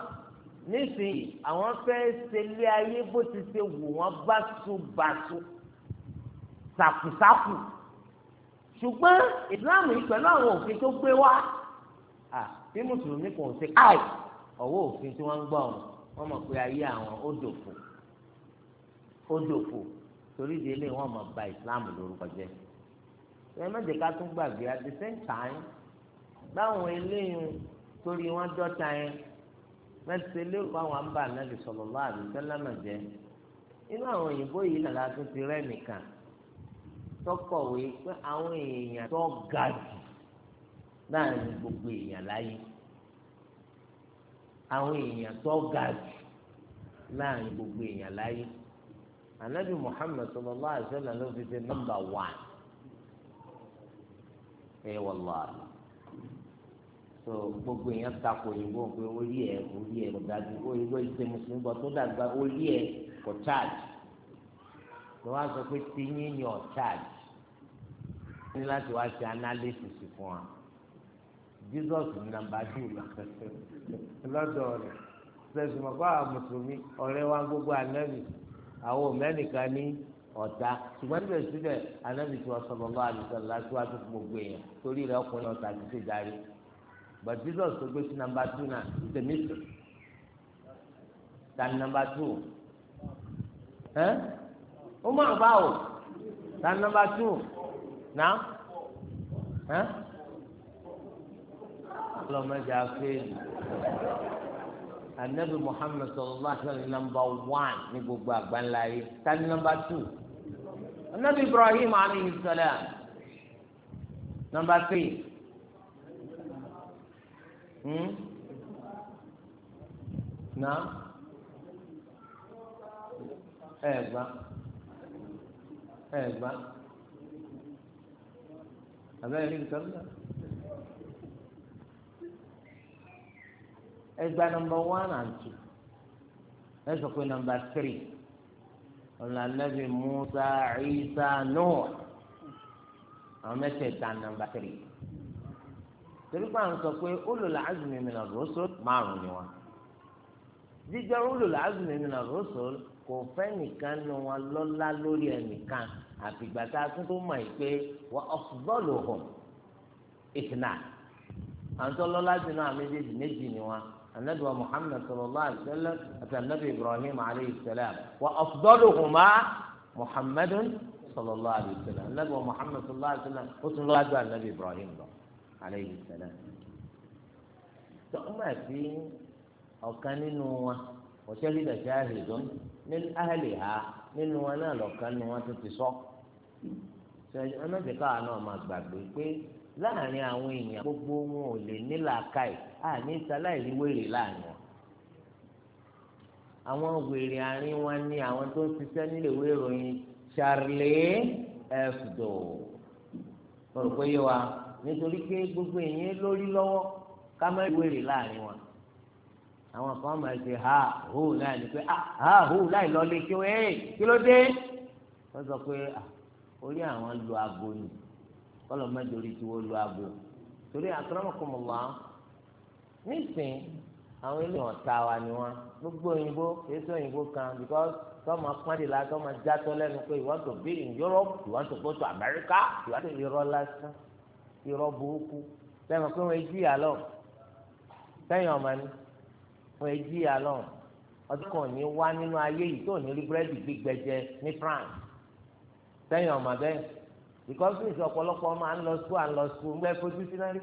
nísìnyí àwọn fẹ́ ṣẹlẹ̀ ayé bó ti ṣe wù wọ́n báṣubàṣu sàkùsàkù ṣùgbọ́n ìsìláàmù yìí pẹ̀lú àwọn òfin tó gbé wá bí mùsùlùmí kò ṣe káì ọ̀wọ́ òfin tí wọ́n ń gbọ́ ọ̀hún wọ́n mọ̀ pé ayé àwọn ó dòfò ó dòfò torí wọn mọ̀ ba islam lórúkọ jẹ́ ẹ mẹ́jẹ̀ ká tún gbàgbé at the same time báwọn eléyìí torí wọn dọ́ta yẹn mẹ́tẹ́ lérò báwọn àwọn òyìnbó yìí tó ti nìkan pé àwọn èèyàn tó ga jù láàrin gbogbo èèyàn àwọn èèyàn tó ga jù láàrin gbogbo èèyàn láyé anabi muhammed sallallahu alaihi wasallam ló fi ṣe nọ́mbà wán ẹ wàlláhi so gbogbo èèyàn takò òyìnbó pé orí ẹ orí ẹ kò dájú òyìnbó ìṣe mùsùlùmí bọ tó dàgbà orí ẹ kò charge ni wọn sọ pé tiyín ni ọ charge ní láti wá ṣe analysis fún wa jesus ní nàmbà tù lọ́dọ̀ rẹ̀ sẹ̀sùn mọ̀ fáwọn mùsùlùmí ọ̀rẹ́ wa gbogbo ànábì àwọn mẹ́nìkan ní ọ̀tá ṣùgbọ́n níbẹ̀ síbẹ̀ ànábì tí wọ́n sọ̀rọ̀ lọ́wọ́ àdìsọ láti wá tó gbogbo èèyàn torí rẹ̀ ọkùnrin ọ̀tá ti ṣe darí but jesus tó gbé sí nàmbà tù náà ìṣe mẹ́sàn tani nàmbà tù ẹ́ ó máa bá wò tani nàmbà tù náà ẹ́ ọlọ́mọdé afẹ́lì anabi muhammed sallallahu alaihi wa sallam one ní gbogbo àgbáńlá yìí tani nọ́mbà two anabi ibrahim alayhi salam nọ́mbà three hmm? na ẹ gbà ẹ gbà abẹ́rẹ́ nǹkan náà. ẹgbà nọmba one and two ẹ sọ pé nọmba three ọ̀nà nàbì Musa Isa Nuh àwọn mẹ́tẹ̀ẹ̀ta nọmba three torí pé àwọn sọ pé ulul azmi minar rusul márùn ni wọn jíjẹ ulul azmi minar rusul kò fẹ́ nìkan nu wọn lọ́lá lórí ẹnìkan àfìgbà tá a tún tó mọ̀ yìí pé wa afdaluhum ithnan àwọn tó lọ́lá jù náà méjèèjì méjì ni wọn. النبي محمد صلى الله عليه وسلم أتى النبي إبراهيم عليه السلام وأفضلهما محمد صلى الله عليه وسلم النبي محمد صلى الله عليه وسلم قلت الله أدعى النبي إبراهيم عليه السلام ثم في أو كان وشهد شاهد من أهلها من وانا لو كان وتتصق أنا ذكر أنا ما أقبل láàrin لا èèyàn gbogbo wọn ò lè àní sáláìlì wèrè láàrin wọn àwọn wèrè àárín wọn ni àwọn tó ń ṣiṣẹ́ nílé ìwé ìròyìn Charlie Hebdo mo rò pé yé wa nítorí pé gbogbo èèyàn lórí lọ́wọ́ ká má wèrè láàrin wọn àwọn kan máa ṣe ha hó láì ní pé ah, ha hó láì lọ lé kí ó ẹ kí ló dé wọ́n sọ pé ah, orí àwọn lu aago ni kọ́lọ́ mẹ́jọ orí tiwọ́ lu aago torí àtúrọ́mọ̀kọ́mọ̀lá. nísìn àwọn ilé ọ̀tá wa ni wọn gbogbo òyìnbó èso òyìnbó kan because tọ́mọ pọ́ndì la tọ́mọ játọ́ lẹ́nu pé you want to be in Europe you want to go to America you want to irọ́ lásán irọ́ burúkú lẹ́nu pé wọ́n jí àlọ́ sẹ́yìn ọmọ ni wọ́n jí àlọ́ ọdún kan ní wá nínú ayé yìí tó ní rí búrẹ́dì gbígbẹ jẹ ní France sẹ́yìn ọmọ bẹ́ẹ̀ because ní ìṣọ̀pọ̀lọpọ̀ máa ń lọ school and lọ school ń gbẹ́ fojú sí náà rí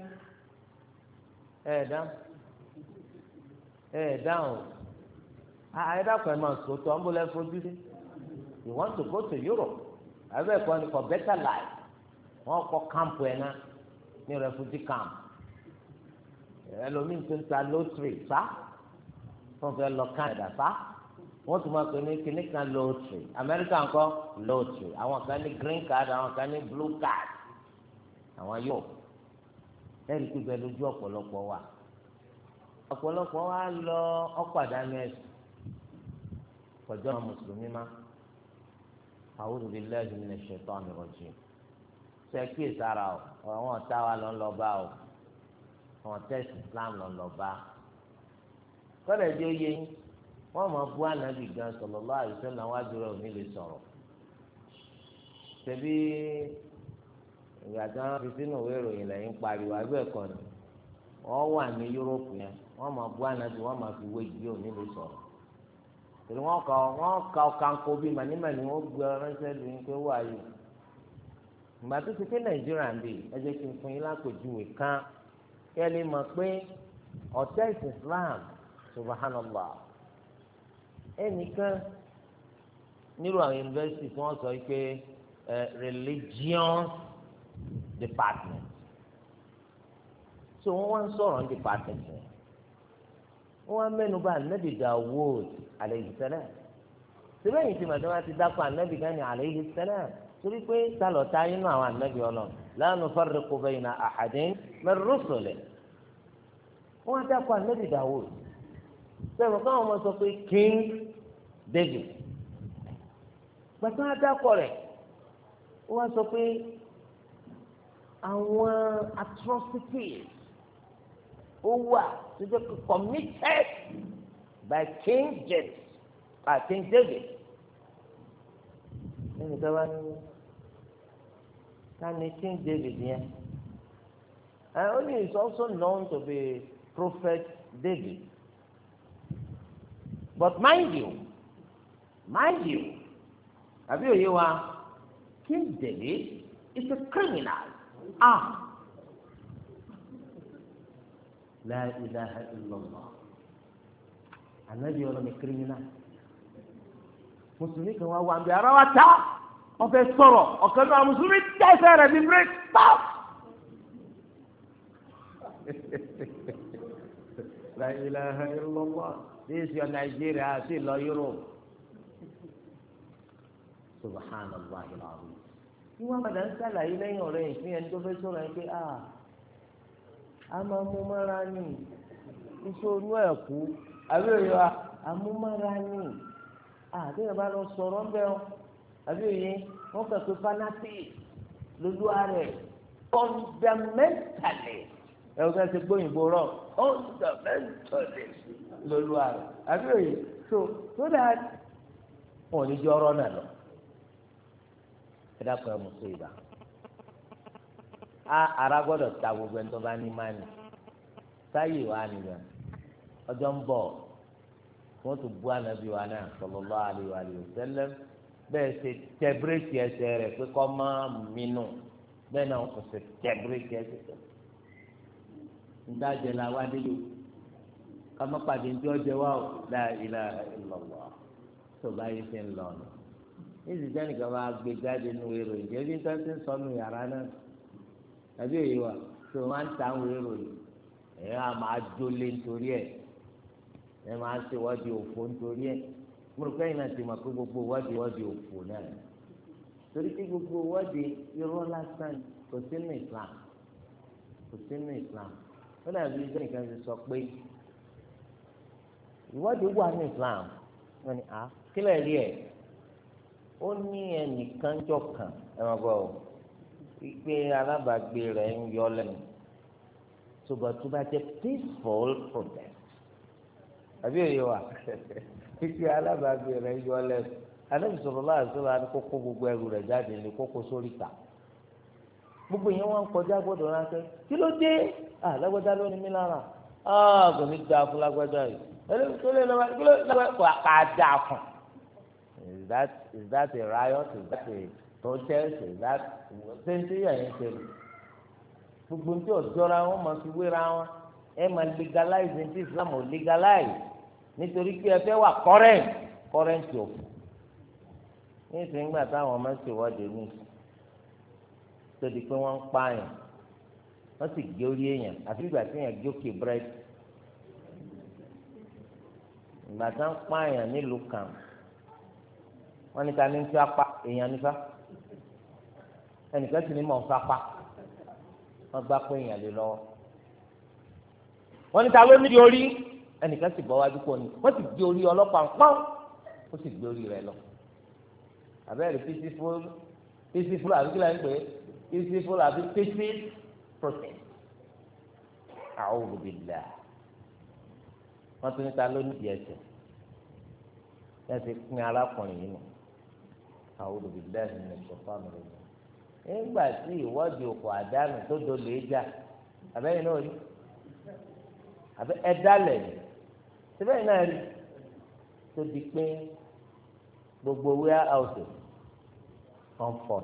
ẹ dáhùn ẹ dákun ẹ máa sòtò ọmọ lẹ fojú dé you want to go to Europe abẹ́ ẹ̀kọ́ ni for better life wọ́n kọ́ camp ẹ̀ náà ní refugee camp ẹlòmíín tó ń ta lottery sá tó ń fẹ́ lọ Canada sá wọ́n tún máa pè ní kíní kan lottery America ńkọ́ lottery àwọn kan ní green card àwọn kan ní blue card àwọn yóò ẹ̀rí pípẹ́ lójú ọ̀pọ̀lọpọ̀ wà ọ̀pọ̀lọpọ̀ wa lọ ọ̀pàdánù ẹ̀sìn kọjọ́ àwọn mùsùlùmí má a'udhu billahi minash shaitani rajim ṣe kí ìsara o àwọn ọ̀tá wa lọ ń lọ bá o àwọn tẹ́sí Islam lọ ń lọ bá kọ́lẹ̀ jẹ́ oyè wọ́n mọ̀ bú ànábì gan sallallahu alaihi wasallam dúró òní lè sọ̀rọ̀ ṣebí ìgbà tí wọ́n fi sínú ìwé ìròyìn lẹ́yìn pariwo àgbẹ̀kọ ni wọ́n wà ní Yúróòpù yẹn wọ́n máa bu ànábì wọ́n máa fi wé ìgbé òní lè sọ̀rọ̀ tòlú wọ́n kà wọ́n kà kanko bíi mànímàní wọ́n gbé ọrẹ́sẹ̀ lóyún pé wà á ìgbà tó ti pé nàìjíríà ń bì ẹ kí n fún yín lápèjúwe kan kí ẹ pé ọ̀tẹ́ ìsìslam subhanallah ẹnìkan nírú àwọn yunifásitì tí wọ́n sọ pé religion department so wọ́n wá ń sọ̀rọ̀ ní department yẹn wọ́n á mẹ́nu bà anabi Dawud alayhi salam síbẹ̀ yìí ti màdàmá ti dákọ̀ anabi gani alayhi salam torí pé sálọ̀ tá inú àwọn anabi ọlọ́run la nufarriqu bayna ahadin min rusulihi wọ́n á dákọ̀ anabi Dawud sẹ́wọ̀n káwọn ọmọ sọ pé king David gbàtí wọ́n rẹ̀ wọ́n sọ pé àwọn atrocities ó wà tó jẹ́ pé committed by King James by King David nínú ìjọba ní sani King David yẹn ó ní is also known to be prophet David but mind you mind you àbí òye wa King David is a criminal ah. la ilaha illallah ànábì ọlọ́mi kírímínà mùsùlùmí kan wá wà ń bẹ ara wa ta ọbẹ̀ sọ̀rọ̀ ọ̀kan náà mùsùlùmí tẹ́ ẹsẹ̀ rẹ̀ bí mìíràn pàf. la ilaha illallah this your Nigeria sí lọ Europe subhanallah ilaahu. ìwà màdà ń sàlàyé lẹ́yìn ọ̀rẹ́ yìí fún ẹni tó fẹ́ sọ̀rọ̀ yẹn pé ah. amamumára ni ìṣòro ẹ̀kú àbí òye wa amúmára ni àbí ìyàbá lọ sọ̀rọ̀ ń bẹ́ ọ àbí òye wọ́n kà pé fanati lójú ààrẹ fundamentally ẹ̀ ọ̀gá ti gbóyìnbó rọ̀ fundamentally lójú ààrẹ àbí òye so so that wọn ò ní jẹ́ ọ̀rọ̀ náà lọ ẹ dákun ẹ mú sí ibà a ara gbọ́dọ̀ ta gbogbo ẹni tó bá ní mánì sáyè wa nìyẹn ọjọ́ ń bọ̀ wọ́n tún bú ànábì wa náà sallallahu alaihi wa sallam bẹ́ẹ̀ ṣe tẹ bírèkì ẹsẹ̀ rẹ̀ pé kọ́ máa mìínú bẹ́ẹ̀ náà kò ṣe tẹ bírèkì ẹsẹ̀ rẹ̀ ndájẹ la wá dédò kàmá pàdé ntí ọjẹ wa o la ilaha illallah tó bá yẹ fi ń lọ nù. ní ìsìtẹ́ nìkan gbé jáde nu èrò ìjẹ́ bí nǹkan yàrá náà àbí èyí wa tó o máa ń ta àwọn èrò yìí ẹ̀yin á máa jólé nítorí ẹ̀ ẹ̀ máa ṣe wádìí òfò nítorí ẹ̀ mo rò pé náà ti mọ̀ pé gbogbo wádìí wádìí òfò náà torí pé gbogbo wádìí irọ́ lásán kò sínú Islam kò sínú Islam ó dàbí ìjọ nìkan ti sọ pé ìwádìí wà ní Islam wọn ni à kílẹ̀ rí ẹ̀ ó ní ẹnìkan jọ kàn ẹ̀ máa gbọ́ ọ wípé alábàágbé rẹ̀ ń yọ lẹ́nu ṣùgbọ́n tó bá jẹ́ peaceful protest àbí òye wa wípé alábàágbé rẹ̀ ń yọ lẹ́nu alẹ́ sọ̀rọ̀ láàṣọ la ní kókó gbogbo ẹrù rẹ̀ jáde ní kókó sórí ta gbogbo yẹn wọn kọjá gbọdọ̀ ránṣẹ́ kí ló dé alágbádá ló ní mí lára kò ní da fún lágbádá yìí ẹlẹ́yìn tó lé lọ́wọ́ kí ló lágbádá kò àdá fún. Is that, is that a riot? Is that a protest that sẹ́ńtì ẹ̀yìn ṣẹlẹ̀ gbogbo tí ọ̀jọ́ra wọn máa fi wéra wọn ẹ máa legalize ní Islam ò legalize nítorí pé ẹ fẹ́ wà current current yòó ní ìsìngbà táwọn máa ń ṣèwọ́de ní tó di pé wọ́n ń pààyàn wọ́n sì gé orí èèyàn àfi ìgbà tí èèyàn jókè búrẹ́dì ìgbà tá ń pààyàn nílùú kan wọ́n ní ká ní fi apá èèyàn nífà ẹnìkan sì ní mọ̀ ń sapá wọ́n gbá pé èèyàn lè lọ́wọ́ wọ́n ní ta ló ní di orí ẹnìkan sì bọ́ wájú pọ̀ ni wọ́n sì gbé orí ọlọ́pàá pọ́n ó sì gbé orí rẹ̀ lọ àbẹ́rẹ́ písí fún písí fún àbí kílà ń pè é písí fún àbí písí process a'udhu billah wọ́n tún ní ta ló ní di ẹsẹ̀ ẹsẹ̀ pín arákùnrin yìí nù a'udhu billahi minash shaitani rajim nígbà tí ìwọ́de òkò àdánù tó dolè já àbẹ́yìn náà rí àbẹ́ ẹ̀dálẹ̀ ni síbẹ̀yìn náà rí tó di pé gbogbo wíwá àwòsàn kan fọ̀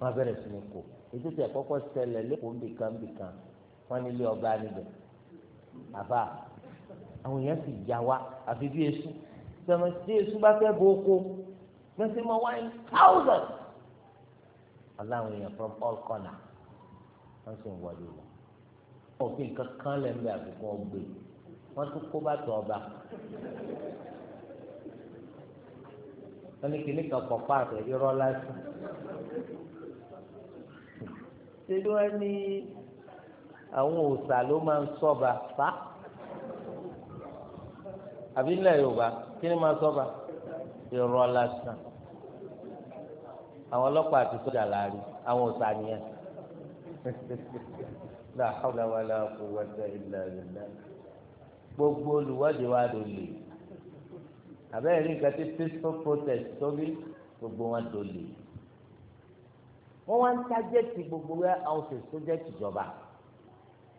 wọ́n bẹ̀rẹ̀ sí ní kó ètò tí àkọ́kọ́ ṣẹlẹ̀ lẹ́kọ̀ọ́ nbìkan nbìkan wọ́n nílé ọba níbẹ̀ àbá àwọn èèyàn sì yà wá àfi bí esu sọmọ tí esu bá fẹ́ bọ́ oko mẹsìmọ́ wáyé thousand aláwọn èèyàn from all corner wọ́n sì ń wọlé lọ òfin kankan lẹ́nu àgùkọ ọgbẹ́ wọ́n tún kó bàtà ọba wọ́n ní kíní kan kọ̀ọ̀pá àtẹ irọ́ lásán ṣé ni wọ́n ní àwọn òòṣà ló máa ń sọ́ba fa àbí nílẹ̀ yorùbá kíní máa sọ́ba irọ́ lásán àwọn ọlọ́pàá àti sọ́jà láàrin àwọn ọ̀sà nìyẹn la hawla wala quwwata illa billah gbogbo olùwádìí wa ló lè abẹ́rẹ́ rí nǹkan tí peaceful protest tóbi gbogbo wọn ló lè wọ́n wá ń tájẹ́tì gbogbo wẹ́ houses tó jẹ́ tìjọba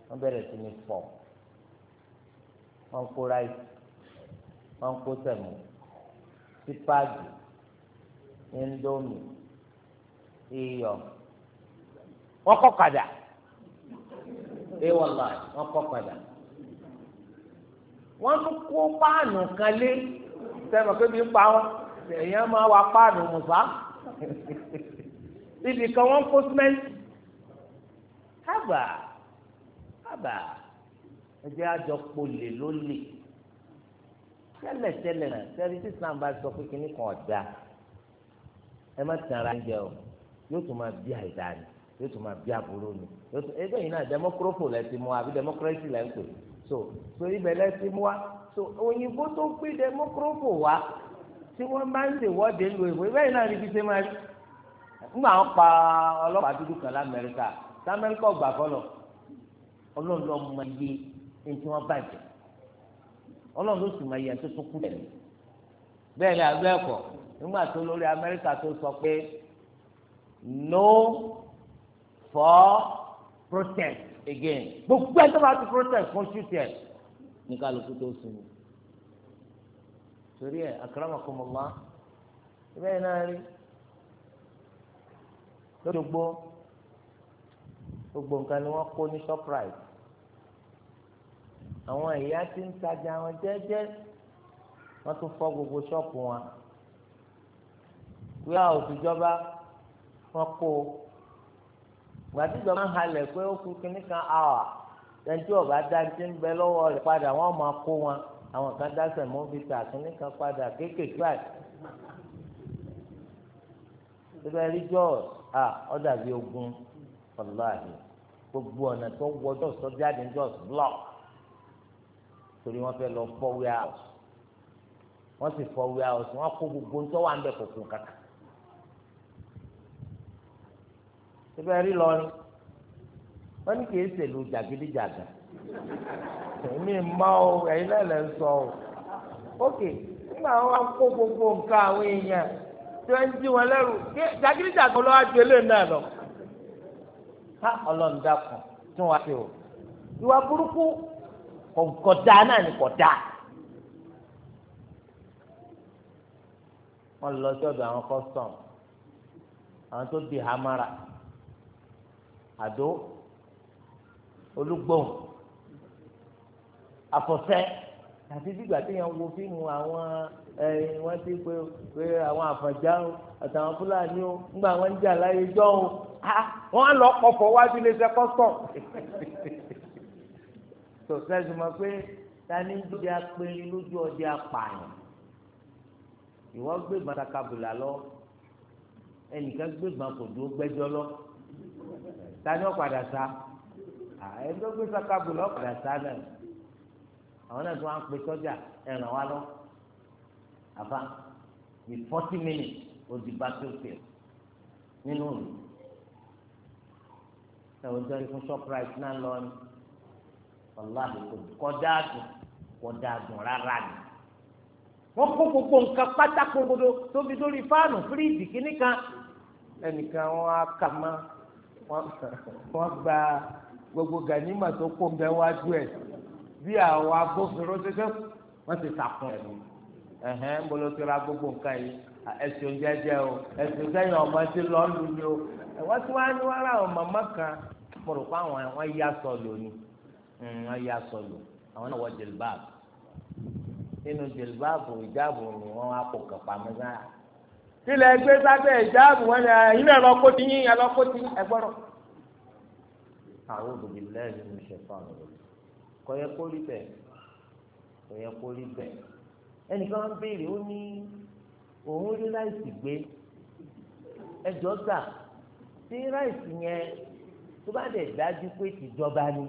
wọ́n bẹ̀rẹ̀ sí ní fọ́ wọ́n kó ráìsì wọ́n kó sẹ̀mù sípáàgì indomie iyọ̀ wọ́n kọ́ kadà ẹ wàllá wọ́n kọ́ kadà wọ́n tún kó páànù kan lé sẹ́nu pé bí ń pa wọn èèyàn máa wá páànù mùsà ibì kan wọ́n kó símẹ́ǹtì hábà hábà ẹjẹ àjọ polè ló lè tẹ́lẹ̀tẹ́lẹ̀ náà sẹ́ni tí sàn bá sọ pé kíní kan ọ̀dà ẹ má tẹ̀ ara ń jẹ o yóò tún máa bí àìdá ni yóò tún máa bí àbúrò ni yóò tún ẹgbẹ́ yìí náà democropo lẹ ti mú wa àbí democracy lẹ ń pè so so ibẹ̀ lẹ ti mú wa so òyìnbó tó ń pè democropo wa tí wọ́n bá ń ṣèwọ́de lu èbó ẹgbẹ́ yìí náà níbi ṣe máa rí nígbà wọn pa ọlọ́pàá dúdú kan lamẹ́ríkà lamẹ́ríkà ọgbà fọlọ ọlọ́run ló mọ iye ẹni tí wọ́n bàjẹ́ ọlọ́run ló sì mọ iye ẹni tó tún kú tẹ̀lé bẹ́ẹ̀ ni àbẹ́ẹ̀kọ́ nígbà tó lórí amẹ́ríkà tó sọ pé no for protest again gbogbo ẹni tó bá ti protest fún ṣùtẹ̀ ní kálukú tó sinmi torí ẹ akaramakomọlá bẹ́ẹ̀ náà rí lọ́dọ̀gbọ́ gbogbo nǹkan ni wọ́n kó ní shoprite àwọn ìyá tí ń tajà wọn jẹ́jẹ́ wọ́n tún fọ́ gbogbo ṣọ́ọ̀pù wọn wíwá òfìjọba wọn kó o gbàdúgbò máa ń halẹ̀ pé ó kú kínní kan àwà tẹ́jú ọ̀gá dáńtí ń bẹ lọ́wọ́ rẹ̀ padà wọ́n máa kó wọn àwọn kan dáṣẹ̀ mọ́bìtà kínní kan padà kéékèèké àti. síbẹ̀ rí jọ́ọ̀s à ọ̀dà bíi ogun ọ̀láàhìn gbogbo ọ̀nà tó wọ jọ́ọ̀s tó jáde jọ́ọ̀s block torí wọ́n fẹ́ lọ fọ́ wíhàùs wọ́n sì fọ́ wíhàùs wọ́n kó gbogbo ń tọ́wọ́ à ń bẹ̀ kọ̀ọ̀kan kàkà síbẹ̀ rí lọrin wọ́n ní kìí ṣèlú jàgídíjàgà èmi mọ́ o ẹ̀yin náà lẹ́ ń sọ o ókè nígbà wọn wá kó gbogbo nǹkan àwọn èèyàn tí wọ́n ń jí wọn lẹ́rù jàgídíjàgà ló wá ju eléyìí náà lọ ká ọlọ́run dákun tún wá sí o ìwà burúkú kọ̀ọ̀kọ̀dá náà ni kọ̀dá. wọ́n lọ sọ́dọ̀ àwọn kọ́sítọ̀mù àwọn tó di hamara àdó olúgbòhùn àfọ̀sẹ́ àti dìgbà téèyàn wo fíìmù àwọn ẹ̀yìn wọn ti pé pé àwọn àfọ̀njá o àtàwọn fúlàní o ńgbà wọn ń jà láyé jọ o wọn á lọ pọ̀fọ̀ wájú iléeṣẹ́ kọ́sítọ̀ tó sẹ́sùn mọ́ pé tani ń dúdú apẹ́yìn lójú ọdẹ apààyàn ìwọ gbé bàtàkàbùlà lọ ẹnìkan gbé bàtàkàbùlà kò dúró gbẹ́jọ́ lọ tani ó padà sá ẹni tó gbé sakabu lọ padà sá náà àwọn náà tó wá ń pe sọ́jà ẹ̀ràn wa lọ àbá ní forty minutes odi battlefield nínú òru ẹ̀wọ̀n tó ń fún shoprite náà lọ ní wàláhì kọjá àgùn kọjá àgùn rárá ni wọ́n kó gbogbo nǹkan pátákó gbogbo tóbi lórí fáànù fíríìjì kìnnìkan ẹnìkan wọn á kà máa wọ́n gba gbogbo gànímà tó kó ń bẹ wájú ẹ̀ bí àwọn agbófinró ṣẹṣẹ wọ́n ti sàkún ẹ̀ ẹ̀hẹ́n ń bolo ti ra gbogbo nǹkan yìí ẹ̀sùn jẹjẹ o ẹ̀sùn sẹ́yìn ọmọ ti lọ́ọ́ lù ní o wọ́n ti wá ní wọ́n ra àwọn màmá kan mo rò pé àwọn wọn yá sọlù ni hmm, wọn yá sọlù àwọn náà wọ jìlbáàbù nínú jìlbáàbù ìjáàbù ni wọn wá kó kàpá mẹ́ta tilẹ̀ gbé sábẹ́ ìjáàbù wọn ni ẹ̀yin náà lọ kó tiyín ẹ lọ kó tiyín ẹ gbọ́dọ̀. àwọn òbí lẹ́yìn ní ṣẹ̀fọ́ àwọn ọ̀rọ̀ kò yẹ kó rí bẹ́ẹ̀ kò yẹ kó rí bẹ́ẹ̀ ẹnìkan ń béèrè ó ní òun rí ráìsì gbé ẹjọ́ gbà tí ráìsì yẹn tó bá dẹ̀ dájú pé tìjọba ni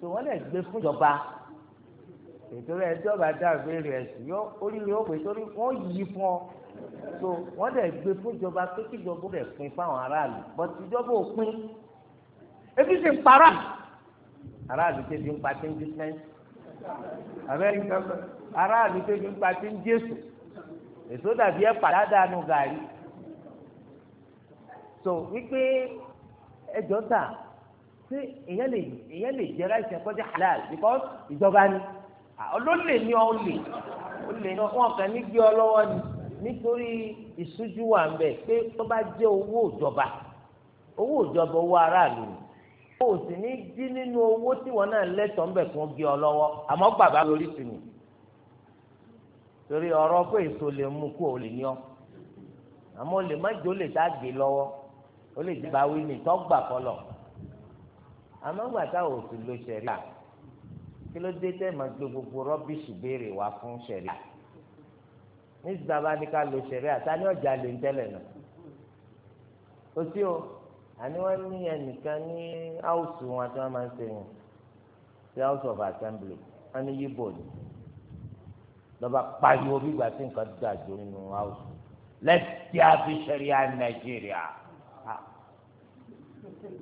tó wọ́n lè gbé fúnjọba ètò ẹjọ́ bá dá ẹ̀sìn yọ oríire ó torí wọ́n yí fún ọ so wọ́n dẹ̀ gbé fún ìjọba pé kí ìjọba rẹ̀ pín fáwọn aráàlú but ìjọba ò pín ebi sì ń para aráàlú tẹbi ń patí ń dísẹ́ńsì amẹ́ríkà aráàlú tẹbi ń patí ń jésù èso dàbí ẹ̀ pàdádànù gàrí so wípé ẹjọ́ ta ṣé èyàn lè èyàn lè jẹ ráìsì ẹ̀kọ́jẹ́ halal because ìjọba ni olólè ni ọ lè olè ni wọn kàn ní gbé ọ lọ́wọ́ ni nítorí ìṣújú wà ń bẹ pé tó bá jẹ́ owó ìjọba owó ìjọba owó aráàlú o ò sì ní dí nínú owó tí wọn náà lẹ́tọ̀ọ́ ń bẹ kí wọ́n gé ọ lọ́wọ́ àmọ́ bàbá lórí sí mi torí ọ̀rọ̀ pé èso lè mú kó o lè ní ọ àmọ́ lè má jó lè dá gbé lọ́wọ́ ó lè dìbò àwọn ènìyàn tó gbà kọlọ̀ àmọ́ gbà tá ò sì lo ṣẹ̀ríà kí ló dé tẹ́ máa gbé gbogbo rọ́bìṣì béèrè wá fún ṣẹ̀ríà níṣìṣẹ́ tá a bá ní ká lo ṣẹ̀rẹ́ àtàní ọ̀jà lè ń tẹ́lẹ̀ náà kò sí o àní wọ́n ní ẹnìkan ní áùsù wọn tí wọ́n máa ń ṣe yẹn sí house of assembly wọ́n ní yíbo ni lọ́ba pariwo bí ìgbà tí nǹkan dà jù nínú áùsù let's there be ṣẹ̀ríà nàìjíríà ah.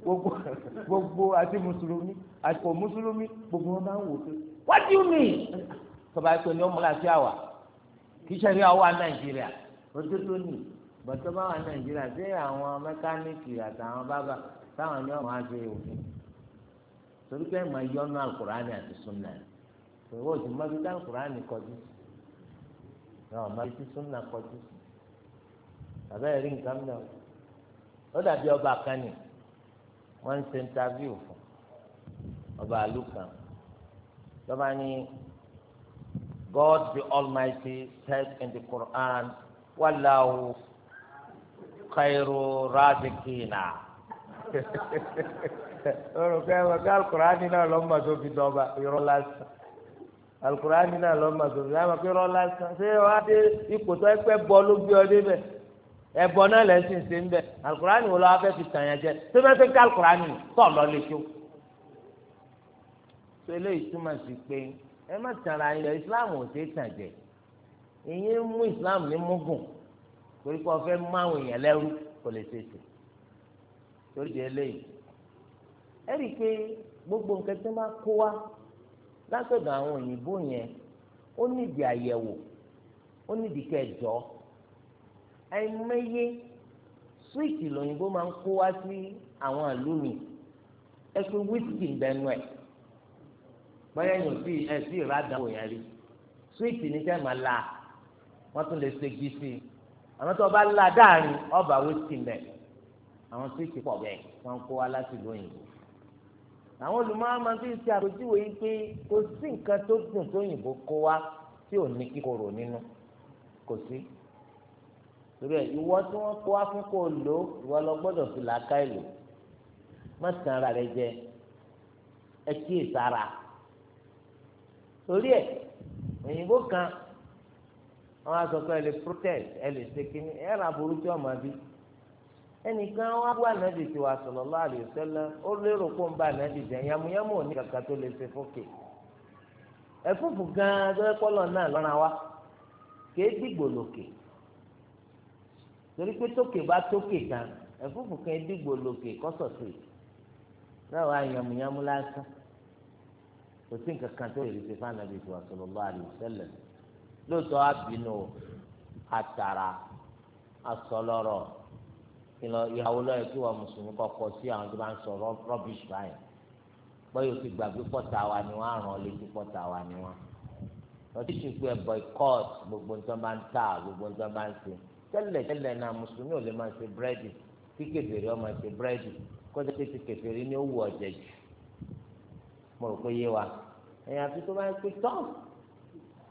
gbogbo gbogbo àti mùsùlùmí àti kò mùsùlùmí gbogbo wọn bá ń wò pé what do you mean tọ́ba ẹ̀kọ́ ni ó múra sí àwà kí sẹ́ríà wà nàìjíríà ojú tó nì bọ́tọ́ bá wà nàìjíríà ṣé àwọn mẹkáníìkì àtàwọn bábà táwọn ní ọ̀hún á ṣe òfin torí pé màá yọnu alukurani àti sunna ìwọ òsì mọ́ bí alukurani kọjú sí ọ̀hún mọ́ bí sunna kọjú sí àbẹ́rẹ́ rí nǹkan mìíràn ó dàbí ọba kan ni wọ́n ń ṣe interview fún ọba àlùkàn lọ́ba ní. God the Almighty said in the Quran, Wallahu khairu razikina. Olùkọ́ ẹ̀wọ̀n kí Alukurani náà lọ́ mọ̀ tó fi dọ́gba irọ́ lásán. Alukurani náà lọ́ mọ̀ tó fi dọ́gba irọ́ lásán. Ṣé wàá dé ipò tó ẹgbẹ́ bọ́ ló gbé ọ débẹ̀? Ẹ̀bọ náà lẹ́sìn ṣe ń bẹ̀. Alukurani wo lọ́wọ́ fẹ́ fi tàn yẹn jẹ? Ṣé bẹ́ẹ̀ tó kí ẹ má tara ẹ lọ islam ò ṣe é tàn jẹ ìyẹn ń mú islam ní múgùn torí pé ọfẹ mú àwọn èèyàn lẹ́rú kò lè ṣèṣe torí di eléyìí ẹ rí i pé gbogbo nǹkan tí wọn bá kó wa látọ̀dọ̀ àwọn òyìnbó yẹn ó nídìí àyẹ̀wò ó nídìí kẹjọ àìmọye súwìtì lòyìnbó máa ń kó wá sí àwọn àlùmí ẹ pé wíìsì ń bẹnu ẹ bóyá yóò sí ẹ sí ìrà àdánwò yẹn rí súwìtì ní sẹ́ẹ̀ máa la wọ́n tún lè ṣègi sí i àwọn tó bá la dáàrin ọba wíṣítì mbẹ àwọn súwìtì pọ̀ bẹ́ẹ̀ wọ́n kó wa láti lóyìnbó àwọn olùmọ̀ọ́ máa fi ṣe àpèjúwe yìí pé kò sí nǹkan tó dùn tó yìnbó kó wa tí ò ní kíkorò nínú kò sí torí ẹ ìwọ tí wọ́n kó wa fún kó o lò ìwọ lọ gbọ́dọ̀ fi làákà ìlò má tàn ara rẹ jẹ ẹ kíyèsára. torí ẹ òyìnbó kan wọn á sọ pé ẹ lè protest ẹ lè ṣe kínní ẹ rà burúkú ọmọ bí ẹnìkan wá wá nàbì tí wàá sallallahu alaihi wasallam ó lérò kó ń bá nàbì jẹ yamuyamu ní kàkà tó lè ṣe fókè gan kò sí nǹkan kan tó lè ṣe fún anabi ìṣòwò sallallahu alaihi wasallam lóòótọ́ àbínú àtàrà asọlọ́rọ̀ ìyàwó lọ́yẹ̀ kí wọ́n mùsùlùmí kọ́kọ́ sí àwọn tó bá ń sọ rọ́bìṣì báyìí báyìí o ti gbàgbé pọ̀tà wa ni wọ́n àrùn ọ̀lẹ́jì pọ̀tà wa ni wọ́n lọ́tí ti pé boycott gbogbo nǹkan bá ń tà gbogbo nǹkan bá ń ṣe tẹ́lẹ̀ tẹ́lẹ̀ náà mùsùlùmí ò lè máa ṣe búrẹ́dì kí kèfèrí ó máa ṣe búrẹ́dì kọ́jà tètè kèfèrí ni ó wù ọ̀jẹ̀ jù mo rò pé yé wa ẹ̀yìn àti tó bá yẹ pé tọ́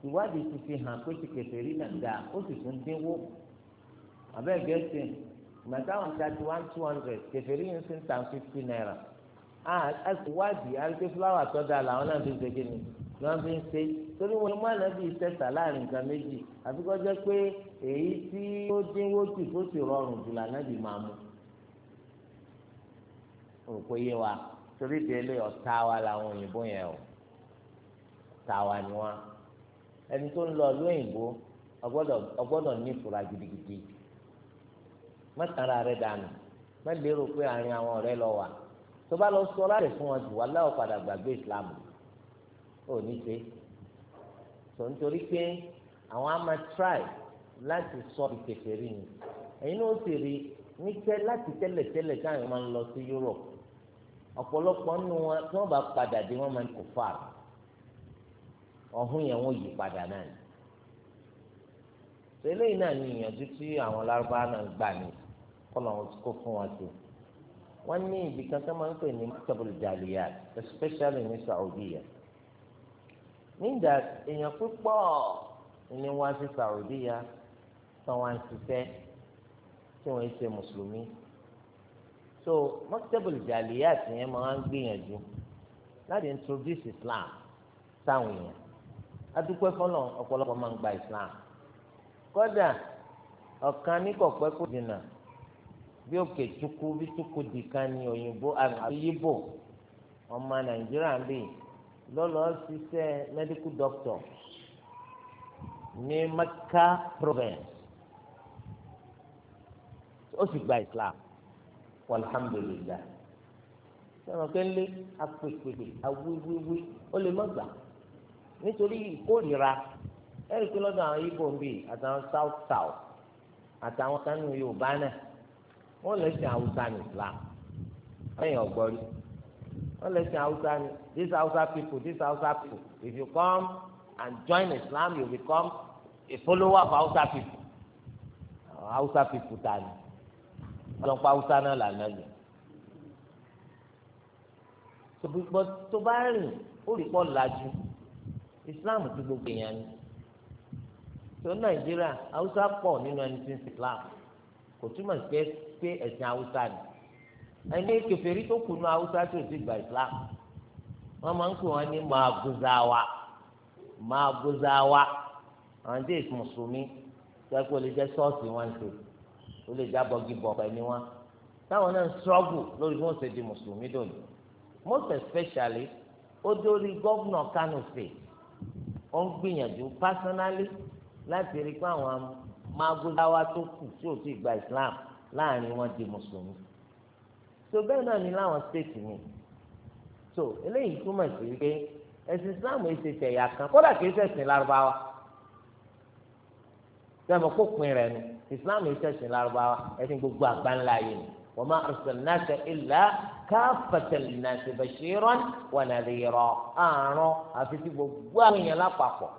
ìwádìí ti fi hàn pé ti kẹsẹ̀ rí nàdà ó sì tún dínwó abẹ́ gẹ̀ẹ́sì ìgbà táwọn ta ti one two hundred kẹsẹ̀ rí yín sí ní fifty naira a sì wádìí arike fúláwà tó da làwọn náà fi ń segin ni wọn fi ń ṣe torí wọn mú ànábì ìṣẹ̀ṣà láàrin nǹkan méjì àfi kọ́ jẹ́ pé èyí tí ó dínwó jù tó sì rọrùn jù lànàbì máa mú òkú yé wa. torí délé ọ̀tá wa làwọn òyìnbó yẹn o ọ̀tá wa ni wọn ẹni tó ń lọ ìlú òyìnbó ọgbọ́dọ̀ ní ìfura gidigidi mọ́tàrà rẹ̀ dànù má lérò pé àárín àwọn ọ̀rẹ́ lọ wà tó bá lọ sọ láti fún wọn jù wá láwọn padà gbàgbé Islam ò ní ṣe tó nítorí pé àwọn á máa try láti sọ ìkẹfẹ rí ni ẹ̀yin náà ó sì rí ní tẹ́ láti tẹ́lẹ̀ tẹ́lẹ̀ táwọn máa ń lọ ọ̀pọ̀lọpọ̀ nínú wọn tí wọ́n bá padà dé wọ́n máa ń kó fà ọ̀hún yẹn wọ́n yí padà náà ni tẹ́lẹ̀ yìí náà ni ìyànjú tí àwọn lárúbáwá náà gbà ní kọ́nà kó fún wọn sí wọ́n ní ibi kan tó máa ń pè ní mọ́tàbọ̀lù jàlìyà especially ní Saudi yẹn nígbà èèyàn púpọ̀ ní wá sí Saudi yẹn tí wọ́n ń ṣiṣẹ́ tí wọ́n ń ṣe mùsùlùmí so mọ́tẹ́bùl jàlíyà tì yẹn máa ń gbìyànjú láti introduce islam sáwọn èèyàn adúpẹ́ fọlọ́ ọ̀pọ̀lọpọ̀ máa gba islam kódà ọ̀kan ní kò dènà bí òkè chukwu bí chukwu dìkan ní òyìnbó àbíyíbò ọmọ nàìjíríà ń bì medical doctor ní Mecca province ó sì gba islam walhamdulilah sọ̀rọ̀ kẹ́lẹ́ apèpèpè awíwíwí ó lè má gbà nítorí ìkórìíra ẹ̀rí pé lọ́dọ̀ àwọn ibo ń bì àtàwọn south south àtàwọn kánú yorùbá náà wọ́n lè sin haúsá ní islam lẹ́yìn ọ̀gbọ́rí wọ́n lè sin haúsá ní this Hausa people this Hausa people if you come and join islam you become a follower of Hausa people Hausa people ta àjọpọ̀ haúsá náà là nàbì tòbígbọ́ tó bá rìn ó rí pọ́ làjú islam ti gbogbo èèyàn ni tó nàìjíríà haúsá pọ̀ nínú ẹni tí ń islam kò túmọ̀ sí pé ẹ̀sìn haúsá ni ẹni kèfèrí tó kùnú haúsá tó ti gba islam wọ́n máa ń pè wọ́n ní màgòzáwa màgòzáwa àwọn tí èsì mùsùlùmí tó ẹ kó lè jẹ́ wọn ṣe ó lè já bọ́gì bọ̀ ọ̀pẹ ni táwọn náà ń struggle lórí bí wọ́n ṣe di mùsùlùmí dòní most especially ó dórí gọ́vnà Kano State ó ń gbìyànjú personally láti rí pé àwọn magoláwa tó kù tí ò ti gba Islam láàrin wọn di mùsùlùmí so bẹ́ẹ̀ náà ni láwọn state mi so eléyìí túmọ̀ sí wípé ẹ̀sìn Islam yìí ṣe tẹ̀yà kan kódà kìí ṣẹ̀sìn lárúbáwá sẹ́mi kó pin rẹ̀ ni islam yìí tẹ̀sìn lárúbáwá ẹ̀sìn gbogbo àgbáńlá yìí ni wa ma arsalnaka illa kaffatan linnasi bashiran wa nadhira àárọ̀ àfi tí gbogbo àwọn èèyàn lápapọ̀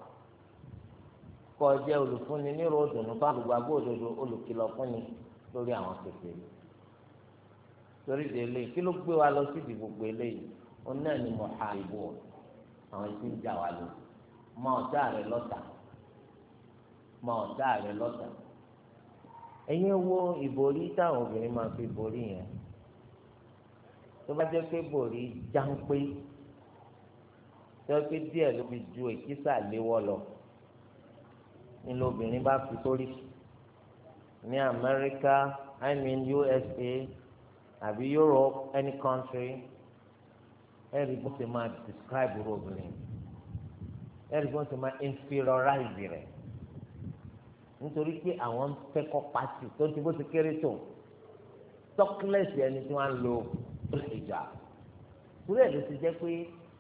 kó jẹ́ olùfúnni nírò òdùnnú fún àlùgbàgbọ́ òdodo olùkìlọ̀ fúnni lórí àwọn kékeré torí délé kí ló gbé wa lọ síbi gbogbo eléyìí ó náà ni muharibu àwọn tí ń jà wá lọ mọ ọ̀tá rẹ lọ́tà mọ ọ̀tá rẹ lọ́tà ẹ̀yin wo ìbòrí táwọn obìnrin máa fi borí yẹn tó bá jẹ́ pé bòrí jáńpé tó pé díẹ̀ ló fi ju èkísà léwọ́ lọ ni lóbìnrin bá fi sórí ní Amẹ́ríkà I mean USA àbí Europe any country ẹ̀rí bó ṣe máa describe obìnrin ẹ̀rí bó ṣe máa inferiorize rẹ̀ nítorí pé àwọn ń fẹ́kọ̀ pàṣẹ tó ti bó ti kéré tó tọ́kílẹ̀sì ẹni tí wọ́n á lo ìjà kúrẹ́ ló ti jẹ́ pé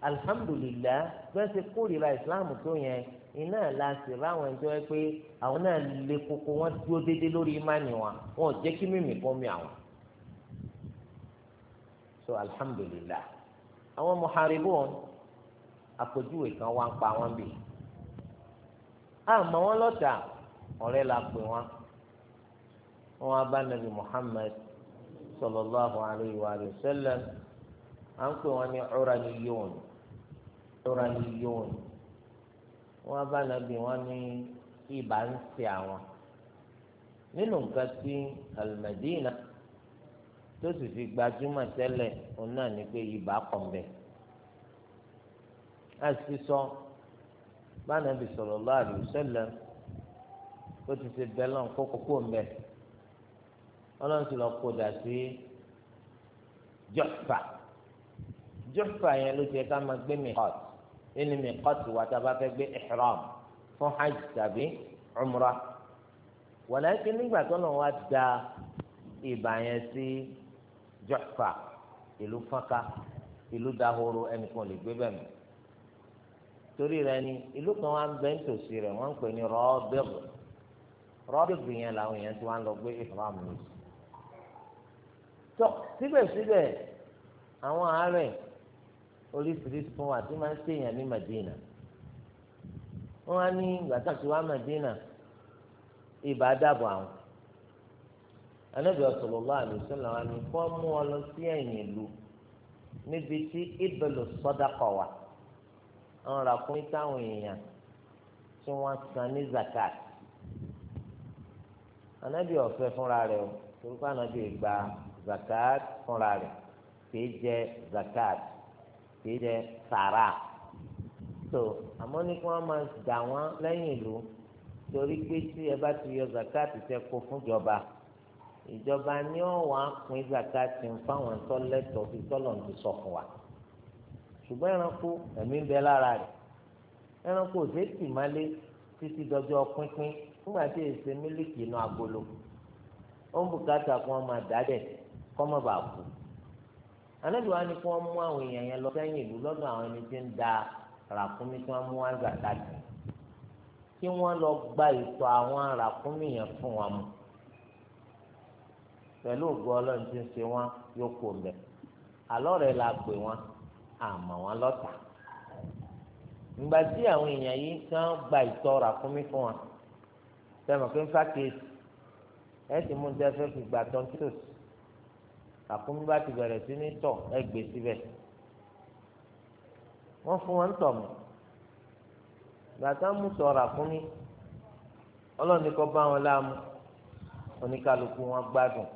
alihamudulilayi bẹ́ẹ̀ ṣe kórìíra ìsìláàmù tó yẹn iná la sì ráwọn ẹni tó yẹ pé àwọn náà lè koko wọn dúró déédéé lórí ìmánì wọn wọn ò jẹ́ kí mímì kan àwọn. so alihamudulilayi àwọn muharibun àpèjúwe kan wá ń pa wọn bì. àmọ́ wọn lọ́tà ọ̀rẹ́ la pè wọn wọn wá bá nàbì Muhammad a alayhi wa sallam à ń pè wọn ní ni Uraniyun wọn bá nàbì wọn ní ń àwọn nínú nǹkan tí Al-Madina tó sì fi gbajúmọ̀ tẹ́lẹ̀ òun náà pé a sì sọ bá nàbì sallallahu ó ti ṣe bẹ́ẹ̀ lọ́n kó kókó mbẹ́ ọlọ́run sì lọ kó dà sí jọ́fà jọ́fà yẹn ló ti ká máa gbé miqat nínú miqat wa tá a bá fẹ́ gbé ihram fún hajj tàbí umrah wọ̀lá ẹ̀ ti nígbà tó lọ́n wá da ìbà yẹn sí jọ́fà ìlú fọ́nká ìlú dahoro ẹnìkan lè gbé bẹ́ẹ̀ mọ́ torí rẹ ni ìlú kan wá ń bẹ nítòsí rẹ wọ́n ń pè ní rọ́ọ́bẹ́rù rọ́bìbì yẹn làwọn èèyàn ti wá ń lọ gbé ìfọwọ́mù mi. tó síbẹ̀síbẹ̀ àwọn àárẹ̀ oríṣiríṣi fún wa tí máa ń ṣèyàn ní Madina wọ́n á ní gbàtà tí wá Madina ibà dàbọ̀ àwọn anabi ọsọlọlọ àlùsọlọ àmì kọ mú ọ lọ sí ẹ̀yìn ìlú níbi tí ìbẹlò sọdakọ wà àwọn ràkúnmí táwọn èèyàn tí wọ́n san ní zakat anabi ọ̀fẹ́ fúnra rẹ̀ o torúkọ anabi gba zakat fúnra rẹ̀ kìí jẹ zakat kìí jẹ sàrà so àmọ́ ní kí wọ́n máa dà wọ́n lẹ́yìn ìlú torí pé tí ẹ bá ti yọ zakat tẹ kó fúnjọba ìjọba ni ó wà á pín zakat ń fáwọn tọ́lẹ́tọ̀ fi tọ́lọ̀ ní sọ fún wa ṣùgbọ́n ẹranko ẹ̀mí ń bẹ lára rẹ̀ ẹranko ò sí tìmọ́lé títí dọjọ́ pínpín. nígbà tí èsè mílíkì inú agolo ó ń bùkátà kí wọ́n máa dá dẹ̀ kọ́ ni àwọn èèyàn yẹn lọ sẹ́yìn ìlú lọ́dọ̀ àwọn ẹni tí da ràkúnmí tí wọ́n mú wá zàkàtì kí wọn lọ gba ìtọ̀ àwọn ràkúnmí yẹn fún wọn mu pẹ̀lú ògo ọlọ́run tí ń ṣe wọn yóò kó mẹ́ alọ́ wọn wọn lọta. ìgbà tí àwọn èèyàn yìí gba ràkúnmí fún wọn. sẹ́mi pé ń fà kéésì ẹ sì mú tẹ fẹ́ fi gbà tán tí ó sì àkúnmí bá ti bẹ̀rẹ̀ sí ní tọ̀ ẹ gbé síbẹ̀ wọ́n fún wọn ń tọ̀ mọ́ gbàtà mú sọ̀rọ̀ àkúnmí ọlọ́ọ̀ni kọ́ bá wọn láàmú oníkálukú wọn gbádùn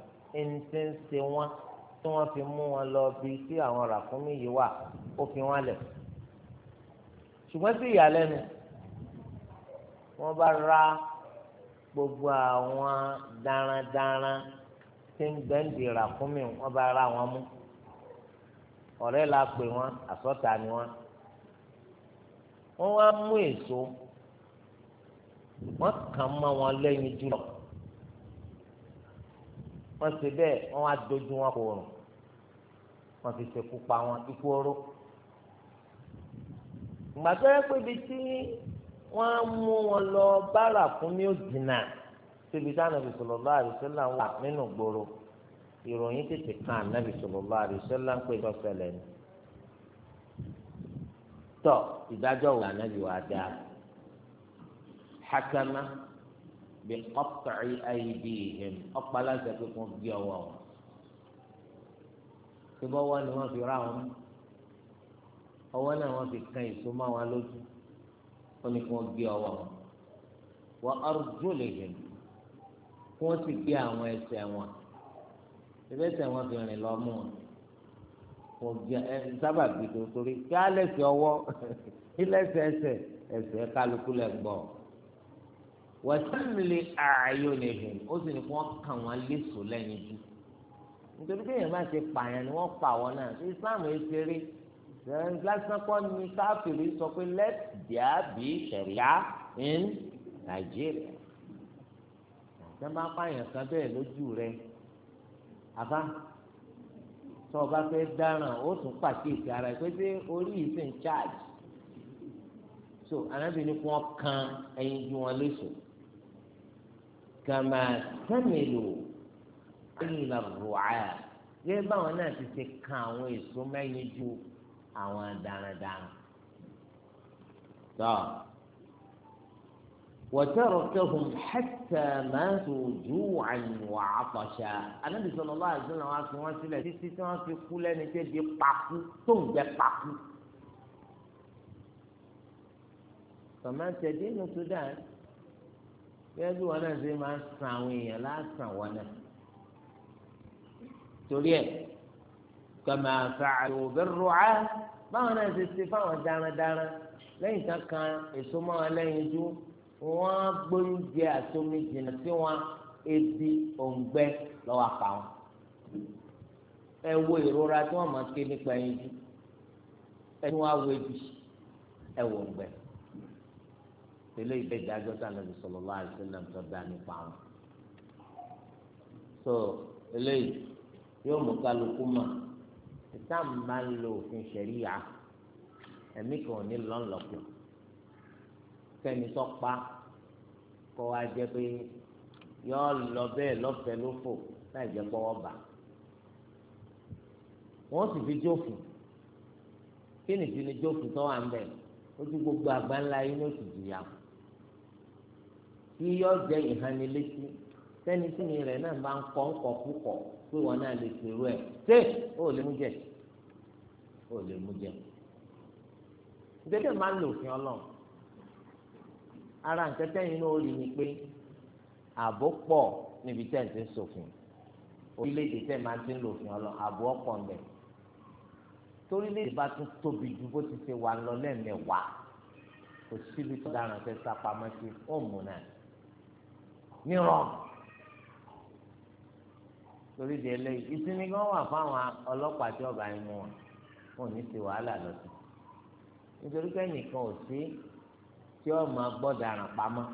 ẹni ń ṣe wọn tí wọ́n fi mú wọn lọ bí tí àwọn ràkúnmí yìí wà ó fi wọn lẹ̀ ṣùgbọ́n sí ìyàlẹ́nu wọ́n bá ra gbogbo àwọn darandaran tí ń gbẹ́ǹdì rà fún mi wọ́n bá ra wọn mú ọ̀rẹ́ la pè wọ́n àsọ̀tà ni wọ́n wọ́n wá mú èso wọ́n kàn mọ́ wọn lẹ́yìn jùlọ wọ́n ṣe bẹ́ẹ̀ wọ́n wá dojú wọn kò rùn wọ́n fi ṣekú pa wọn ikú oró ìgbà tó yẹ pé ibi tí wọ́n á mú wọn lọ bára fún ní òdìnnà síbi tí anabi sallallahu alaihi wasallam wà nínú gbòòrò ìròyìn tètè kan anabi sallallahu alaihi wasallam ń pè lọ́sẹ̀lẹ̀ ni. tọ́ ìdájọ́ wò anabi wà dá hakama bí qat'i aydihim ọ̀pálásẹ̀ pé kò gbé ọwọ́ wọn. síbọ̀ ni wọ́n fi rá wọn ọwọ́ náà wọ́n fi kan ìsúnmọ́ wọn lójú ó ní kí wọ́n gbé ọwọ́ wọn wa arjulihim kí wọ́n sì gbé àwọn ẹsẹ̀ wọn ẹgbẹ́ ẹsẹ̀ wọn fi rìn lọ mú wọn kò jẹ ẹ sábà gbèdó torí kí á lẹ́sẹ̀ ọwọ́ ilẹ̀sẹ̀ ẹsẹ̀ ẹsẹ̀ kálukú lẹ̀ gbọ́ wẹ̀sánlẹ̀ ààyò nìyẹn ó sì ní kí wọ́n kàn wọ́n léṣo lẹ́yìn jù nítorí pé èèyàn máa ṣe pààyàn ni wọ́n pa àwọn náà islam ẹ ṣeré lásán kọ́ ni káfíìrì sọ pé let there be ṣẹ̀ríà in Nàìjíríà ṣé máa pààyàn kan bẹ́ẹ̀ lójú rẹ àbá tó o bá fẹ́ dáràn ó tún pàkíyèsí ara ẹ pé ṣé orí yìí sì ń charge so arábìnrin kí wọ́n kan ẹyin ju wọn léṣo kàmá sẹ́mìlò ẹ̀yìn làbùrù àyà gẹ́gẹ́ báwọn náà ti ṣe kan àwọn èso mẹ́yìn ju àwọn darandaran tọ́ wọ́tẹ́rọ̀kẹ́hùn hẹ́tẹ́ mẹ́tò júwàn wà àfọ̀ṣà anábì sọ̀rọ̀ bá àdúrà wọn fi wọ́n sílẹ̀ títí tí wọ́n fi kú lẹ́ni tẹ́ di paku tó ń gbẹ paku. tọ́mátì ẹ̀dín ní Sudan bẹ́ẹ̀ bí wọn náà ṣe máa ń san àwọn èèyàn lásán wọn náà torí ẹ̀ kama fàcàlù bẹrùcà báwọn náà ṣe ṣe fáwọn darandaran lẹ́yìn kankan èso mọ wọn lẹ́yìn ju wọn gbóúnjẹ àtomi jìnnà sí wọn ebi òǹgbẹ lọ́wọ́ apá wọn ẹ wo ìrora tí wọn máa ké nípa ẹyin ju ẹni wọn awo ebi ẹ wọ òǹgbẹ tẹlẹ ìbẹ ìdájọ́ tí Ànábì sallallahu alaihi wasallam tó dá nípa wọn so eléyìí yóò mú kálukú mọ islam máa ń lo òfin ṣẹ̀ríyà ẹ̀mí kan ò ní lọ́nlọ́pọ̀ kẹ́ni tó pa kọ́ wa jẹ́ pé yọ lọ bẹ́ẹ̀ lọ́fẹ̀ẹ́ ló fò láì jẹ́ pọ́wọ́ bà wọ́n sì fi jófin kí ni ti ni jófin tó wà ń bẹ̀ ojú gbogbo àgbáńlá yín ló sì jìyà kí yọ jẹ́ ìhánilétí sẹ́ni tí ni rẹ̀ náà máa ń kọ́ ń kọ́ púpọ̀ pé wọn náà lè pèrú ẹ ṣé ó lè mú jẹ ó lè mú jẹ ìdẹ́gbẹ́ máa ń lò fún ọlọ́run ara nǹkan tẹ́yìn náà ó rí ni pé ààbò pọ̀ níbi tẹ́ ń ti ń ṣòfin orílẹ̀-èdè tẹ́ máa ti ń lò fún ọlọ́run ààbò ọ̀pọ̀ ń bẹ torílẹ̀-èdè bá tún tóbi ju bó ti ṣe wà lọ lẹ́ẹ̀mẹ́wàá kò síbi tó dára tẹ́ sápamọ́ sí òmùnà nírọ̀rùn torí di eléyìí ìsinmi gan wà fáwọn ọlọ́pàá tí ọba yẹn mú wọn wọn ò ní ti wàhálà lọ sí nítorí pé ẹnìkan ò sí tí ó máa gbọ́dàràn pamọ́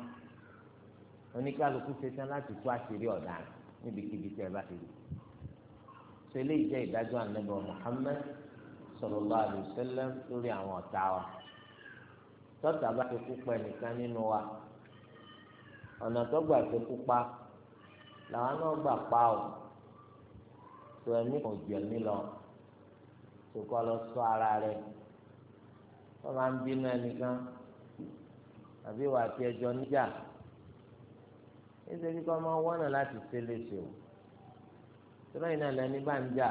oníkálukú ṣetán láti tú àṣírí ọ̀daràn níbikíbi tí ẹ bá ti rí ṣe eléyìí jẹ́ ìdájọ́ ànábọ̀ Muhammad sallallahu alaihi wasallam lórí àwọn ọ̀tá wa tọ́tà bá ti kú pa ẹnìkan nínú wa ọ̀nà tó gbà ti kú pa làwọn náà gbà pa ọ́ tó ẹ̀mí kan jù ẹ̀mí lọ tòkọ́ lọ sọ ara rẹ̀ wọ́n máa ń bínú ẹnìkan àbí wà á ti ẹjọ́ níjà nítorí kọ́ máa wọ́nà láti ṣe léṣe o tọ́lá yìí náà lẹ́ni bá ń jà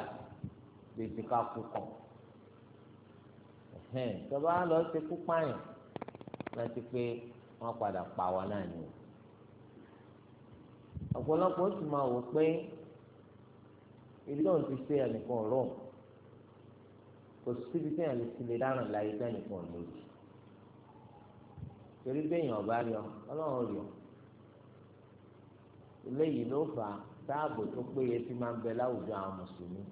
gbèsè ká kú kọ̀ tọ́ba lọ ṣe kú pààyàn láti pé wọ́n padà pa wọ́n náà ni ọ̀pọ̀lọpọ̀ ó sì máa wò pé ibi tó ń ti ṣe ẹnìkan ọ̀rọ̀ kò síbi tí èèyàn lè ti lè dáràn láyé tó ẹnìkan ọ̀rọ̀ lòdì torí pé èèyàn ọba rí ọ ọlọ́run rí ọ eléyìí ló fà á táàbò tó péye tí máa ń bẹ láwùjọ àwọn mùsùlùmí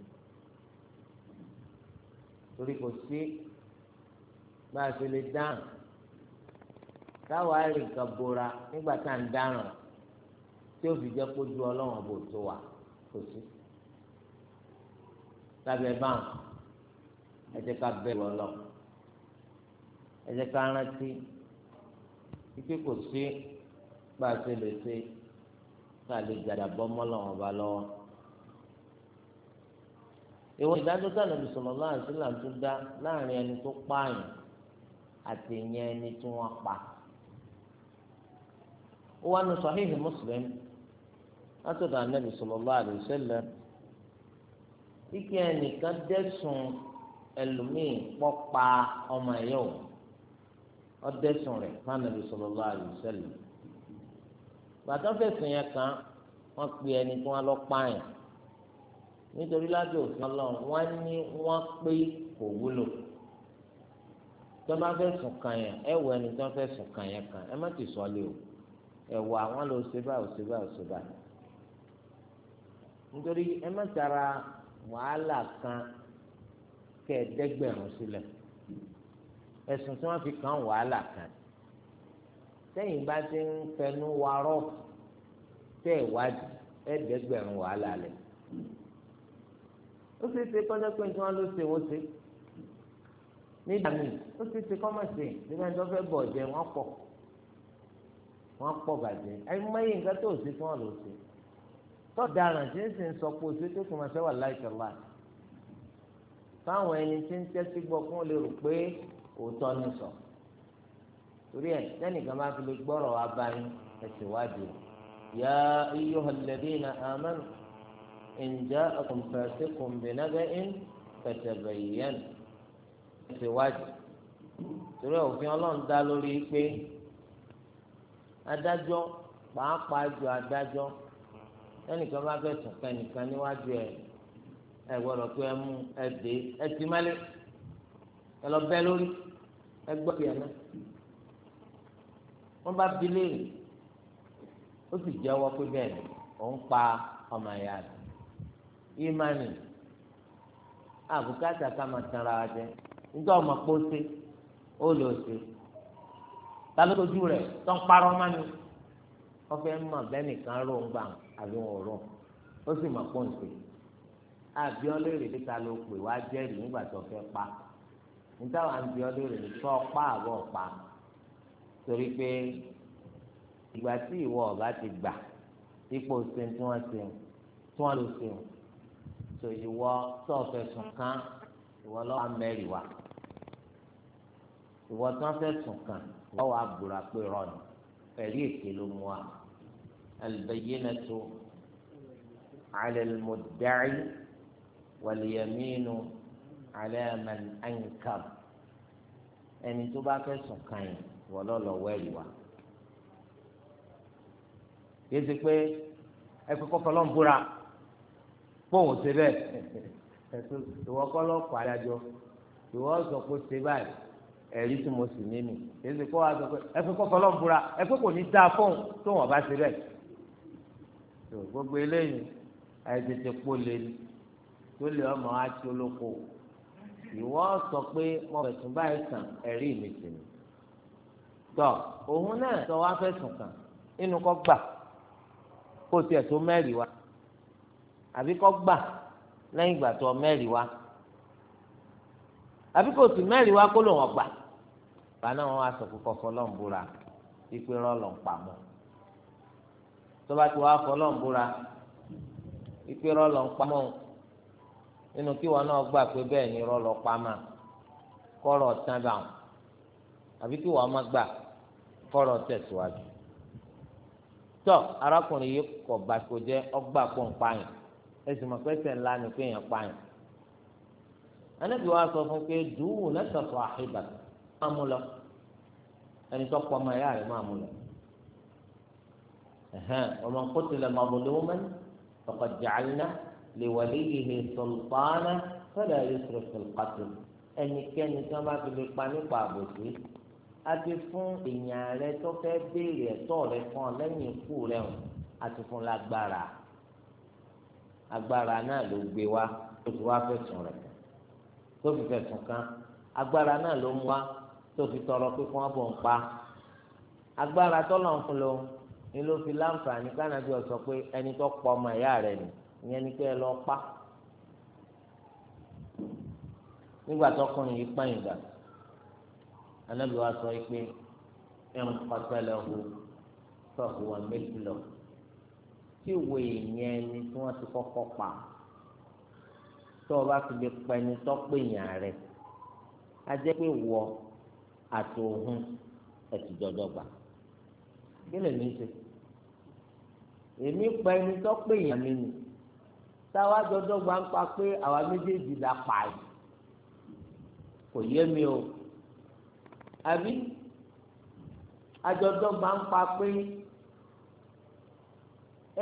torí kò sí bá a ṣe lè dáràn táwa rí nǹkan bora nígbà tá à ń dáràn tí ó fi jẹ́ kójú ọlọ́run bò tó wà kò sí lábẹ́ báwọn ẹ jẹ́ ká bẹ̀rù ọlọ́ ẹ jẹ́ ká rántí ike kò sí bá a ṣe lè ṣe ká lè jàdà bọ́ mọ́lọ́wọ́n ba lọ́wọ́. ìwọ ìdájọ́ sànà bìsọ̀rọ̀ láàrin sílà tó dá láàrin ẹni tó pààyàn àti ìyẹn ẹni tí wọ́n pa. ó wá nu Sahih Muslim látọ̀dọ̀ Ànábì sallallahu alaihi ike ẹnìkan dẹ́sùn ẹlòmíì pọ́pa ọmọ ẹ̀yẹ o ọdẹ́sùn rẹ̀ fanabi sallallahu alaihi wasallam gbàtọ́ fẹ̀sùn yẹn kan wọ́n pe ẹni tí wọ́n lọ pààyàn nítorí lábẹ́ òfin ọlọ́run wọ́n ní wọ́n pé kò wúlò tí wọ́n bá fẹ̀sùn kàn yẹn ẹ ẹni tí wọ́n fẹ̀sùn kàn yẹn kan ẹ má ti sọ lé o ẹ àwọn lọ ṣe báyìí ṣe báyìí ṣe báyìí nítorí ẹ má tara wàhálà kan kẹẹ̀ẹ́dẹ́gbẹ̀rún sílẹ̀ ẹ̀sùn tí wọ́n fi kàn wàhálà kan sẹ́yìn bá ti ń fẹnu warọ́ tẹ́ ìwádìí ẹ̀ẹ́dẹ́gbẹ̀rún wàhálà lẹ̀ ó sì ṣe kọ́jọ́ pé tí wọ́n ló ṣe wọ́n ṣe nígbà míì ó sì ṣe kọ́mọ̀sì nígbà tí wọ́n fẹ́ bọ̀ jẹ wọ́n pọ̀ wọ́n pọ̀ bàjẹ́ ẹ̀yin mọ́yìn nǹkan tó ṣe tí wọ́n lò ṣe tó dáràn tí ń sì ń sọ pé oṣù tó kùn máa ṣẹ́wà láìpẹ́ láì fáwọn ẹni tí ń tẹ́tí gbọ́ kún lè rò pé òótọ́ ni sọ torí ẹ̀ lẹ́nìkan máa fi lè gbọ́rọ̀ wá báyìí ẹ̀sìn wádìí yá ayyuhal ladina amanu in ja'akum fasiqun binaba'in fatabayyanu ẹ̀sìn wádìí torí òfin ọlọ́run dá lórí pé adájọ́ pàápàá ju adájọ́ ẹnìkan bá fẹ́ sùn kẹ́nìkan níwájú ẹ ẹ gbọ́dọ̀ pé ẹ mú ẹ dé ẹ ti mẹ́lẹ̀ ẹ lọ bẹ́ lórí ẹ gbọ́ ìyá náà wọ́n bá bi léèrè ó sì jẹ́wọ́ pé bẹ́ẹ̀ ni òun pa ọmọ ìyá rẹ̀ ìmánì àbùkátà ká máa tan ara jẹ nígbà ọmọ pọ́ sí ó lò sí ta ló tójú rẹ̀ tó parọ́ mọ́ni wọ́n fẹ́ mọ̀ bẹ́ẹ̀ nìkan rò ń gbà ń àbí wọn ọ̀rọ̀ ó sì mọ̀ pọ̀ nípe àbí ọlẹ́rìí títa ló pè wá jẹ́rìí nígbà tó fẹ́ pa nítawà ń bí ọlẹ́rìí tó pa àbọ̀ pa torí pé ìgbà tí ìwọ ọ̀gá ti gbà ipò sin tí wọ́n sin tí wọ́n lò sin tó ìwọ tó fẹ̀sùn kàn ìwọ lọ́wọ́ mẹ́rin wa ìwọ tó fẹ̀sùn kàn ìwọ wà gbúra pé rọ̀ ní ẹ̀rí èké ló mú wa. البينة على المدعي واليمين على من أنكر ẹni tó bá fẹ̀sùn kàn yín wọ́n lọ lọ wẹrí wa yéé ṣe pé ẹgbẹ́ kọkọ lọ ń búra pọ̀wọ́ ṣe bẹ́ẹ̀ ìwọ kọ́ lọ pa adájọ́ ìwọ sọ pé ṣe báyìí ẹ̀rí tí mo sì ní mi yéé ṣe kọ́ wa sọ pé ẹgbẹ́ kọkọ lọ ń búra ẹgbẹ́ kò ní dáa fóun tó wọ́n bá ṣe bẹ́ẹ̀ tó gbogbo eléyìí àìtètè pò lè ní tó lè ọmọ àti olóko ìwọ sọ pé mo fẹ̀sùn báyìí kàn ẹ̀rí mi sì ni tọ òun náà sọ wá fẹ̀sùn kàn inú kọ gbà kó tiẹ̀ tó mẹ́rìí wá àbí kọ gbà lẹ́yìn ìgbà tó mẹ́rìí wá àbí kò sì mẹ́rìí wá kó lòun ọgbà bàánà wọn wá sọ pé kọfọlọ́n búra ìpè rọlọ́n pamọ́ tọ́ba tí wàá fọ́ lọ́n búra ìpè rọ́lọ́ ń pamọ́ nínú kí wọn náà gbà pé bẹ́ẹ̀ ni rọ́lọ́ pamọ́ kọ́rọ̀ tán bá wọn àbí kí wọn má gbà kọ́rọ̀ tẹ̀síwájú. tọ́ arákùnrin yìí kọ̀ bàtò jẹ́ ọgbà pọ̀ ń pààyàn ẹ̀sìn mọ̀ ńlá ni pé èèyàn pààyàn. anábì wa sọ fún pé dùwù lẹ́sọ̀tọ̀ àhìbà máa mú lọ ẹni pọ̀ ọmọ ẹ̀yà rẹ̀ máa mú lọ. ومن قتل مظلوما فقد جعلنا لوليه سلطانا فلا يسرف في القتل ẹnikẹ́ni كان wọ́n bá fi lè pa nípa àbòsí a ti fún èèyàn rẹ tó fẹ́ béèrè ẹ̀tọ́ rẹ fún ọ lẹ́yìn ikú rẹ hàn a ti fún lágbára agbára náà ló gbé wá tó fi wá fẹ̀sùn rẹ̀ tó fi fẹ̀sùn kàn agbára náà ló mú wá tó fi tọrọ pé kí wọ́n bọ̀ ń pa agbára tọ́lọ̀ ń fún lòun ni ló fi láǹfààní kánàbí ọ̀sọ́ pé ẹni tó pọ̀ ọmọ ìyá rẹ̀ ni ìyẹn ni pé ẹ lọ pa nígbà tọkùnrin yìí pààyàn gbà anábì wa sọ pé ẹ ń pàtẹ́lẹ̀ hu fẹ́ẹ̀kù wọn méjì lọ tí ìwé ìyẹn ni tí wọ́n ti kọ́kọ́ pa tó o bá fi lè pẹni tọ́pẹ̀yàn rẹ̀ a jẹ́ pé wọ àti òhun ẹ̀ ti dọ́dọ̀ gbà kí lè ní í ṣe èmi pa ẹni tó pè yàn mí nì táwa jọjọ gba ń pa pé àwa méjèèjì la pààyàn kò yé mi o àbí àjọjọ gba ń pa pé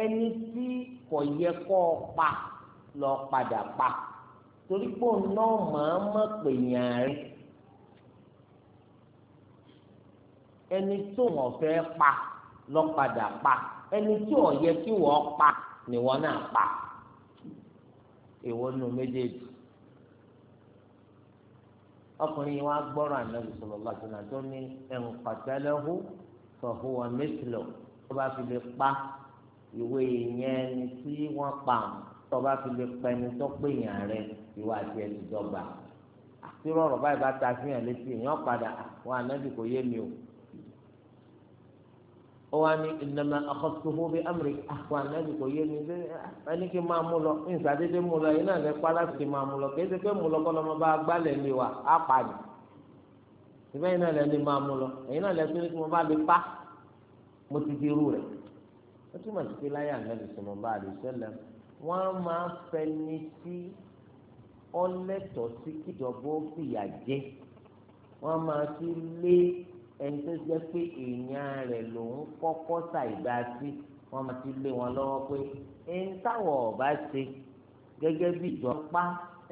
ẹni tí kò yẹ kó o pa lọ padà pa torí pé òun náà máa mọ̀ pé yàn rẹ ẹni tó wọ́n fẹ́ pa lọ padà pa ẹni tí ò yẹ kí wọ́n pa ni wọ́n náà pa èwo nù méjèèjì ọkùnrin yìí wá gbọ́rọ̀ ànábì sallallahu alaihi wasallam tó ní in qatalahu fa huwa mithluhu tó bá fi lè pa ìwé ìyẹn ẹni tí wọ́n pa tó bá fi lè pa ẹni tó pè yàn rẹ ìwà àti ẹni dọ́gba àti rọrọ̀ báyìí bá ta fi hàn létí èèyàn padà wọn ànábì kò yé mi o ọwọ́ ni ìnáma àkọ́tùfó bíi amúre ah, àpò ànábì kò yé mi ah, ẹni kí n máa mú lọ ní sàdédé mú lọ iná rẹ pa láti máa mú lọ kéde pé mú lọ kọ́ lọ́mọ bá gbálẹ̀ lé wa á pa ni ìbẹ́ iná rẹ lè máa mú lọ ẹ̀yin náà lẹ́sìn ní kí mo bá lè pa mo ti di irú rẹ̀ ó túmọ̀ sí pé láyé ànábì sọ̀rọ̀ bá àdé sẹ́lẹ̀ wọ́n máa fẹni sí ọlẹ́tọ̀ọ́ sí kíjọba ó fìyà jẹ wọ́n máa fi lé ẹni tó jẹ́ pé èèyàn rẹ̀ lòun kọ́kọ́ ṣàìgbà sí wọ́n máa ti lé wọn lọ́wọ́ pé ẹni táwọn ọ̀bá ṣe gẹ́gẹ́ bí ìjọpá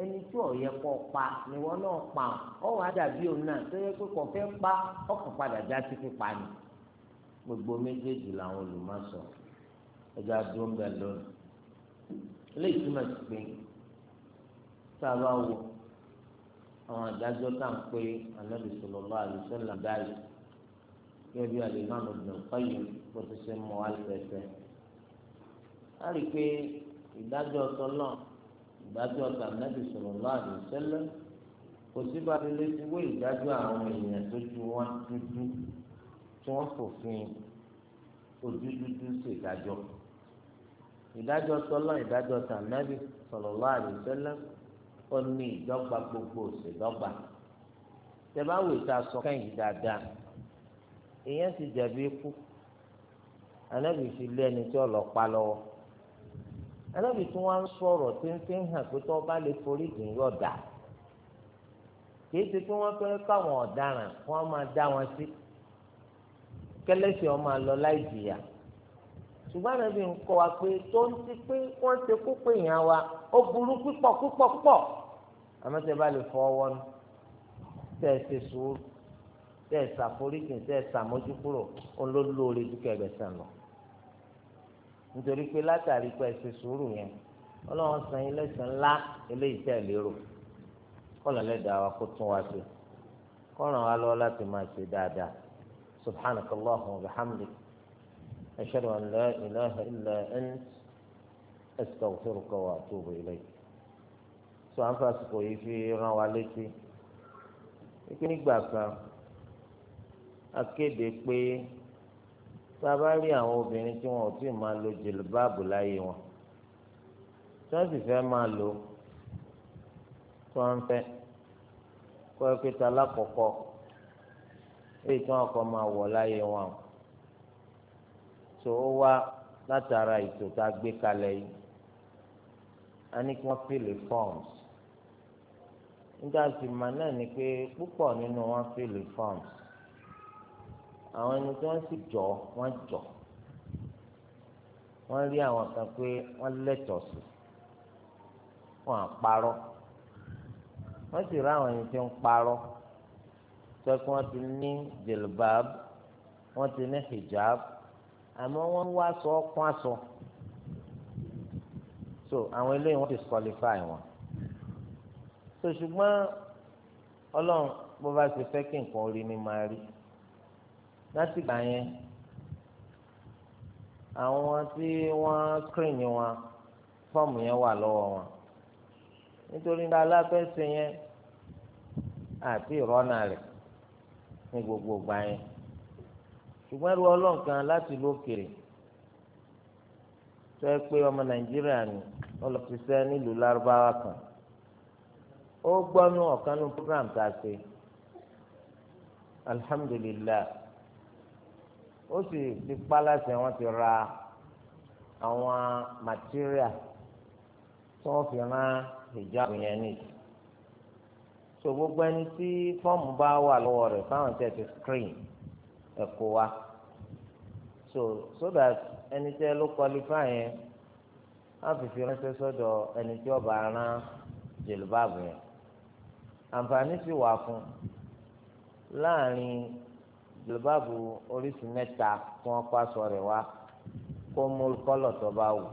ẹni tí ò yẹ pa ni wọn náà pa ọ wàá dàbí òun náà tó yẹ pé kò pa ọkàn padà já sí pípa ni gbogbo méjèèjì làwọn olùmọ̀sọ ẹja dúró bẹ́ẹ̀ lónìí eléyìí túmọ̀ sí pé tá a bá wo àwọn àdájọ́ tá à ń pé anábìsọ̀lọ́lá àlùsọ̀lá báyìí gẹ́gẹ́ alimami Ibn Qayyim bó ti ṣe mọ alẹ́sẹ̀. a rí i pé ìdájọ́ tọ́lọ́ ìdájọ́ tàbí sallallahu alaihi wasallam kò sí bàbá ilé tí wọ́n ìdájọ́ àwọn èèyàn tó ju wọn dúdú tí wọ́n fòfin ojú dúdú sí ìdájọ́. ìdájọ́ tọ́lọ́ ìdájọ́ tàbí sallallahu alaihi wasallam ó ní ìdọ́gba gbogbo òṣèdọ́gba. tẹ bá wò ìta sọ kẹ́yìn dáadáa èèyàn ti jẹ̀bi ikú anábì fi lé ẹni tí ọlọ́pàá lọ́wọ́ anábì tí wọ́n ń sọ̀rọ̀ tí ń fi hàn pé tó bá lè forí jìn yọ̀ dà kì í ṣe pé wọ́n fẹ́ káwọn ọ̀daràn wọ́n máa dá wọn sí kẹlẹ́sì ọmọ àlọ́ láì jìyà ṣùgbọ́n anábì ń kọ́ wa pé tó ń ti pé wọ́n ṣe púpọ̀ èèyàn wa ó burú púpọ̀ púpọ̀ púpọ̀ àmọ́ tẹ́ bá lè fọ ọwọ́ nu tẹ́ ẹ ṣe sùúrù tẹ́ ẹ̀ ṣàforíjìn tẹ́ ẹ̀ ṣàmójúkúrò òun ló lóore dúkẹ́ ẹ̀bẹ̀ sàn lọ. nítorí pé látàrí pé ẹsẹ̀ sùúrù yẹn ọlọ́run san yín lẹ́sàn-án ńlá eléyìí tẹ́ ẹ̀ lérò kọ́nà lẹ́dàá wa kó tún wá sí kọ́nà wa lọ́wọ́ láti máa ṣe dáadáa subhanaka allahumma wa bihamdik ashhadu an la ilaha illa ant astaghfiruka wa atubu ilayk sọ àǹfààní kò yí fi rán wa létí wípé nígbà kan akéde pé sábà rí àwọn obìnrin tí wọn ò tí ì máa lo jìlbáàbù láyé wọn tí wọn sì fẹ́ máa lò tí wọn fẹ́ kọ́ ẹ pé ta lákọ̀ọ́kọ́ èyí tí wọn kọ́ máa wọ̀ láyé wọn tó wá látara ètò tá a gbé kalẹ̀ yìí a ní kí wọ́n fìlè forms nígbà tí màá náà ni pé púpọ̀ nínú wọn fìlè forms àwọn ẹni tí wọ́n sì jọ wọ́n jọ wọ́n rí àwọn kan pé wọ́n lẹ́tọ̀ọ́ sí wọ́n á parọ́ wọ́n sì rí àwọn ẹni tí ń parọ́ tó kí wọ́n ti ní jilbab wọ́n ti ní hijab àmọ́ wọ́n wá sọ ọkùn aṣọ so àwọn eléyìí wọ́n ti disqualify wọn so ṣùgbọ́n ọlọ́run bó bá ṣe fẹ́ kí nǹkan orí ni máa rí látìgbà yẹn àwọn tí wọ́n screen wọn fọ́ọ̀mù yẹn wà lọ́wọ́ wọn nítorí ní aláfẹ́sẹ̀ yẹn àti ìrọ́nà rẹ̀ ní gbogbo ìgbà yẹn ṣùgbọ́n ẹrú ọlọ́nkan láti ìlú òkèèrè tó ẹ pé ọmọ nàìjíríà ni ọlọ́pìṣẹ́ nílùú lárúbáwá kan ó gbọ́ nú ọ̀kan nú program tá a ṣe alhamdulilayi ó sì ti pa láṣẹ wọn ti ra àwọn material tí wọ́n fi rán hijab yẹn ní so gbogbo ẹni tí fọ́ọ̀mù bá wà lọ́wọ́ rẹ̀ fáwọn tẹ̀ ti screen ẹ̀kọ́ wa so so that ẹni tẹ́ ló qualify yẹn á fi fi ránṣẹ́ sọ́dọ̀ ẹni tí ọba rán jèlúbàbù yẹn àǹfààní sì wà fún láàrin jìlbáàbù oríṣi mẹ́ta tí wọ́n kó aṣọ rẹ̀ wá kó mú kọ́lọ̀ tó bá wù.